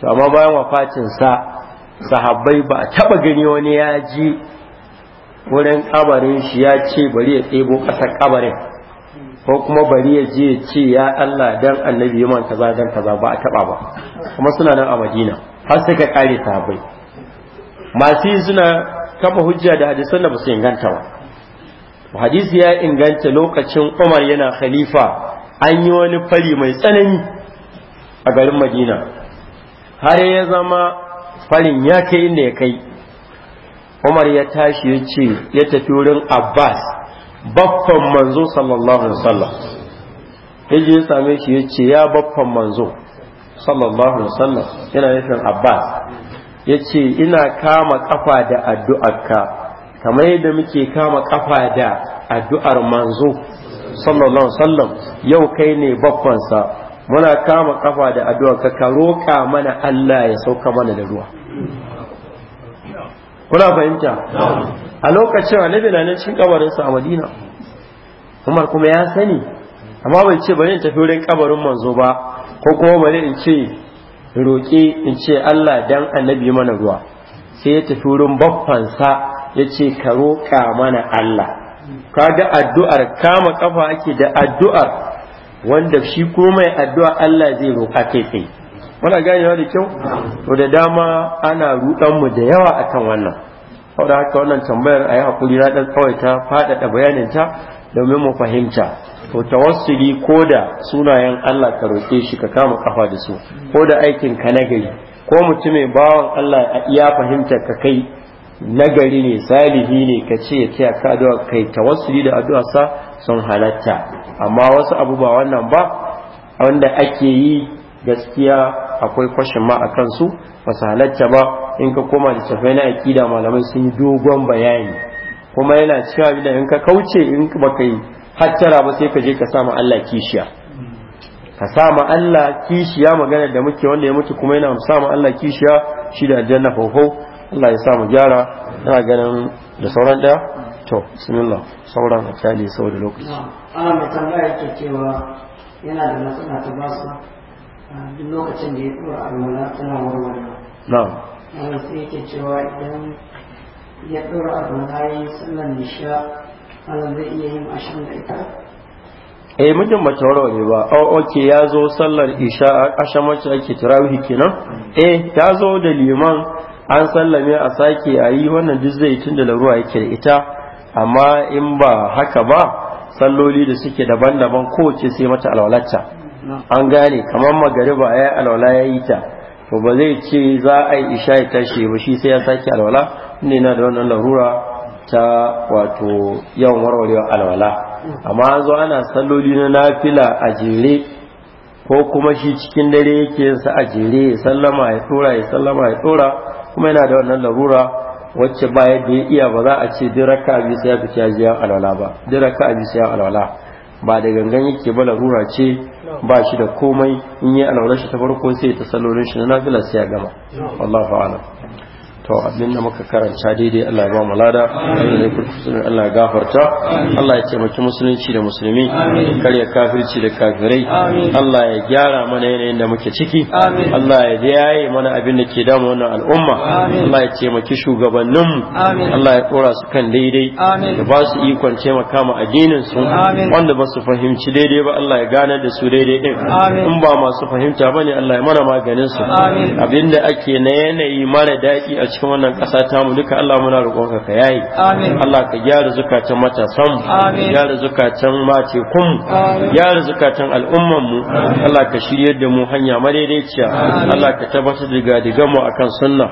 To amma bayan wafatinsa sahabbai ba a taɓa gani wani ya ji wurin kabarin shi ya ce bari ya ɗebo ƙasar kabarin ko kuma bari ya je ce ya Allah dan annabi yaman kaza dan kaza ba a taba ba kuma suna nan a Madina har sai ka kare sahabbai masu suna kafa hujja da hadisan da ba su inganta ba hadisi ya inganta lokacin Umar yana khalifa an yi wani fari mai tsanani a garin Madina har ya zama farin ya kai inda ya kai Umar ya tashi ya ce ya tafi wurin Abbas baffan manzo sallallahu alaihi wasallam yaje ya same shi yace ya baffan manzo sallallahu alaihi wasallam yana nufin abbas yace ina kama kafa da addu'arka kamar yadda muke kama kafa da addu'ar manzo sallallahu alaihi wasallam yau kai ne baffansa muna kama kafa da addu'arka ka roƙa mana Allah ya sauka mana da ruwa kuna fahimta a lokacin annabi na nan kabarin sa a madina umar kuma ya sani amma bai ce bari in tafi wurin kabarin manzo ba ko kuma bari in ce roƙe in ce Allah dan annabi mana ruwa sai ya tafi wurin baffansa ya ce ka roƙa mana Allah kaga addu'ar kama kafa ake da addu'ar wanda shi ko mai addu'a Allah zai roƙa kai tsaye muna ganewa da kyau da dama ana ruɗan mu da yawa akan wannan saboda haka wannan tambayar a yi hakuri na ɗan kawai ta faɗaɗa bayaninta domin mu fahimta to tawassuli ko da sunayen Allah ka roƙe shi ka kama kafa da su ko da aikin ka nagari ko mutum mai bawan Allah a iya fahimta ka kai nagari ne salihi ne ka ce ya ka addu'a kai tawassuli da addu'a sa sun halatta amma wasu abu ba wannan ba wanda ake yi gaskiya akwai kwashin ma a kansu ba su halatta ba in ka koma da tafai na aƙida malamai sun yi dogon bayani kuma yana cewa da in ka kauce in baka yi hattara ba sai ka je ka sama Allah kishiya ka sama Allah kishiya magana da muke wanda ya mutu kuma yana sama Allah kishiya shi da aljanna fofo Allah ya samu gyara na ganin da sauran da to bismillah sauran a kyale saboda lokaci ana mai tambaya yake cewa yana da matsala ta basu duk lokacin da ya tana warwarewa. sai yake cewa idan ya ɗora abu bayan sallar zai iya yin ashirin da ita eh mutum ba tawara ne ba oh okay ya zo sallar isha mace ake tarawih kenan eh ya zo da liman an sallame a sake a yi wannan duk zai tun da laruwa yake da ita amma in ba haka ba salloli da suke daban-daban kowace sai mata alwalata an gane kamar magariba ya alwala ya yi ta to ba zai ce za a yi isha ya tashi ba shi sai ya sake alwala ne yana da wannan larura ta wato yawan warwarewa alwala amma an zo ana salloli na nafila a jere ko kuma shi cikin dare yake sa a jere ya sallama ya tsora ya sallama ya tsora kuma yana da wannan larura wacce ba yadda ya iya ba za a ce diraka bisa ya fita jiyan alwala ba diraka ya alwala ba da gangan yake ba larura ce ba shi da komai in yi alaurashi ta farko sai ta sallolin shi na nafila sai ya gama wallahu a'lam to abin da muka karanta daidai Allah ya ba mu lada da Allah ya gafarta Allah ya taimaki musulunci da musulmi karya kafirci da kafirai Allah ya gyara mana yanayin da muke ciki Allah ya yaye mana abin da ke damu wannan al'umma Allah ya taimaki shugabannin Allah ya tsora su kan daidai da ba su ikon taimaka mu addinin su wanda ba su fahimci daidai ba Allah ya gane da su daidai din in ba masu fahimta bane Allah ya mana maganin su abinda ake na yanayi mara daɗi a cikin wannan ƙasa ta mu duka Allah muna roƙonka ka yayi Allah ka gyara zukatan matasan mu gyara zukatan mace kun gyara zukatan al'umman mu Allah ka shiryar da mu hanya madaidaiciya Allah ka tabbatar da gadigan mu akan sunna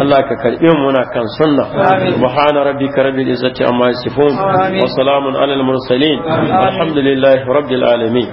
Allah ka karbe mu na kan sunna subhana rabbika rabbil izzati amma yasifun wa salamun alal mursalin alhamdulillahi rabbil alamin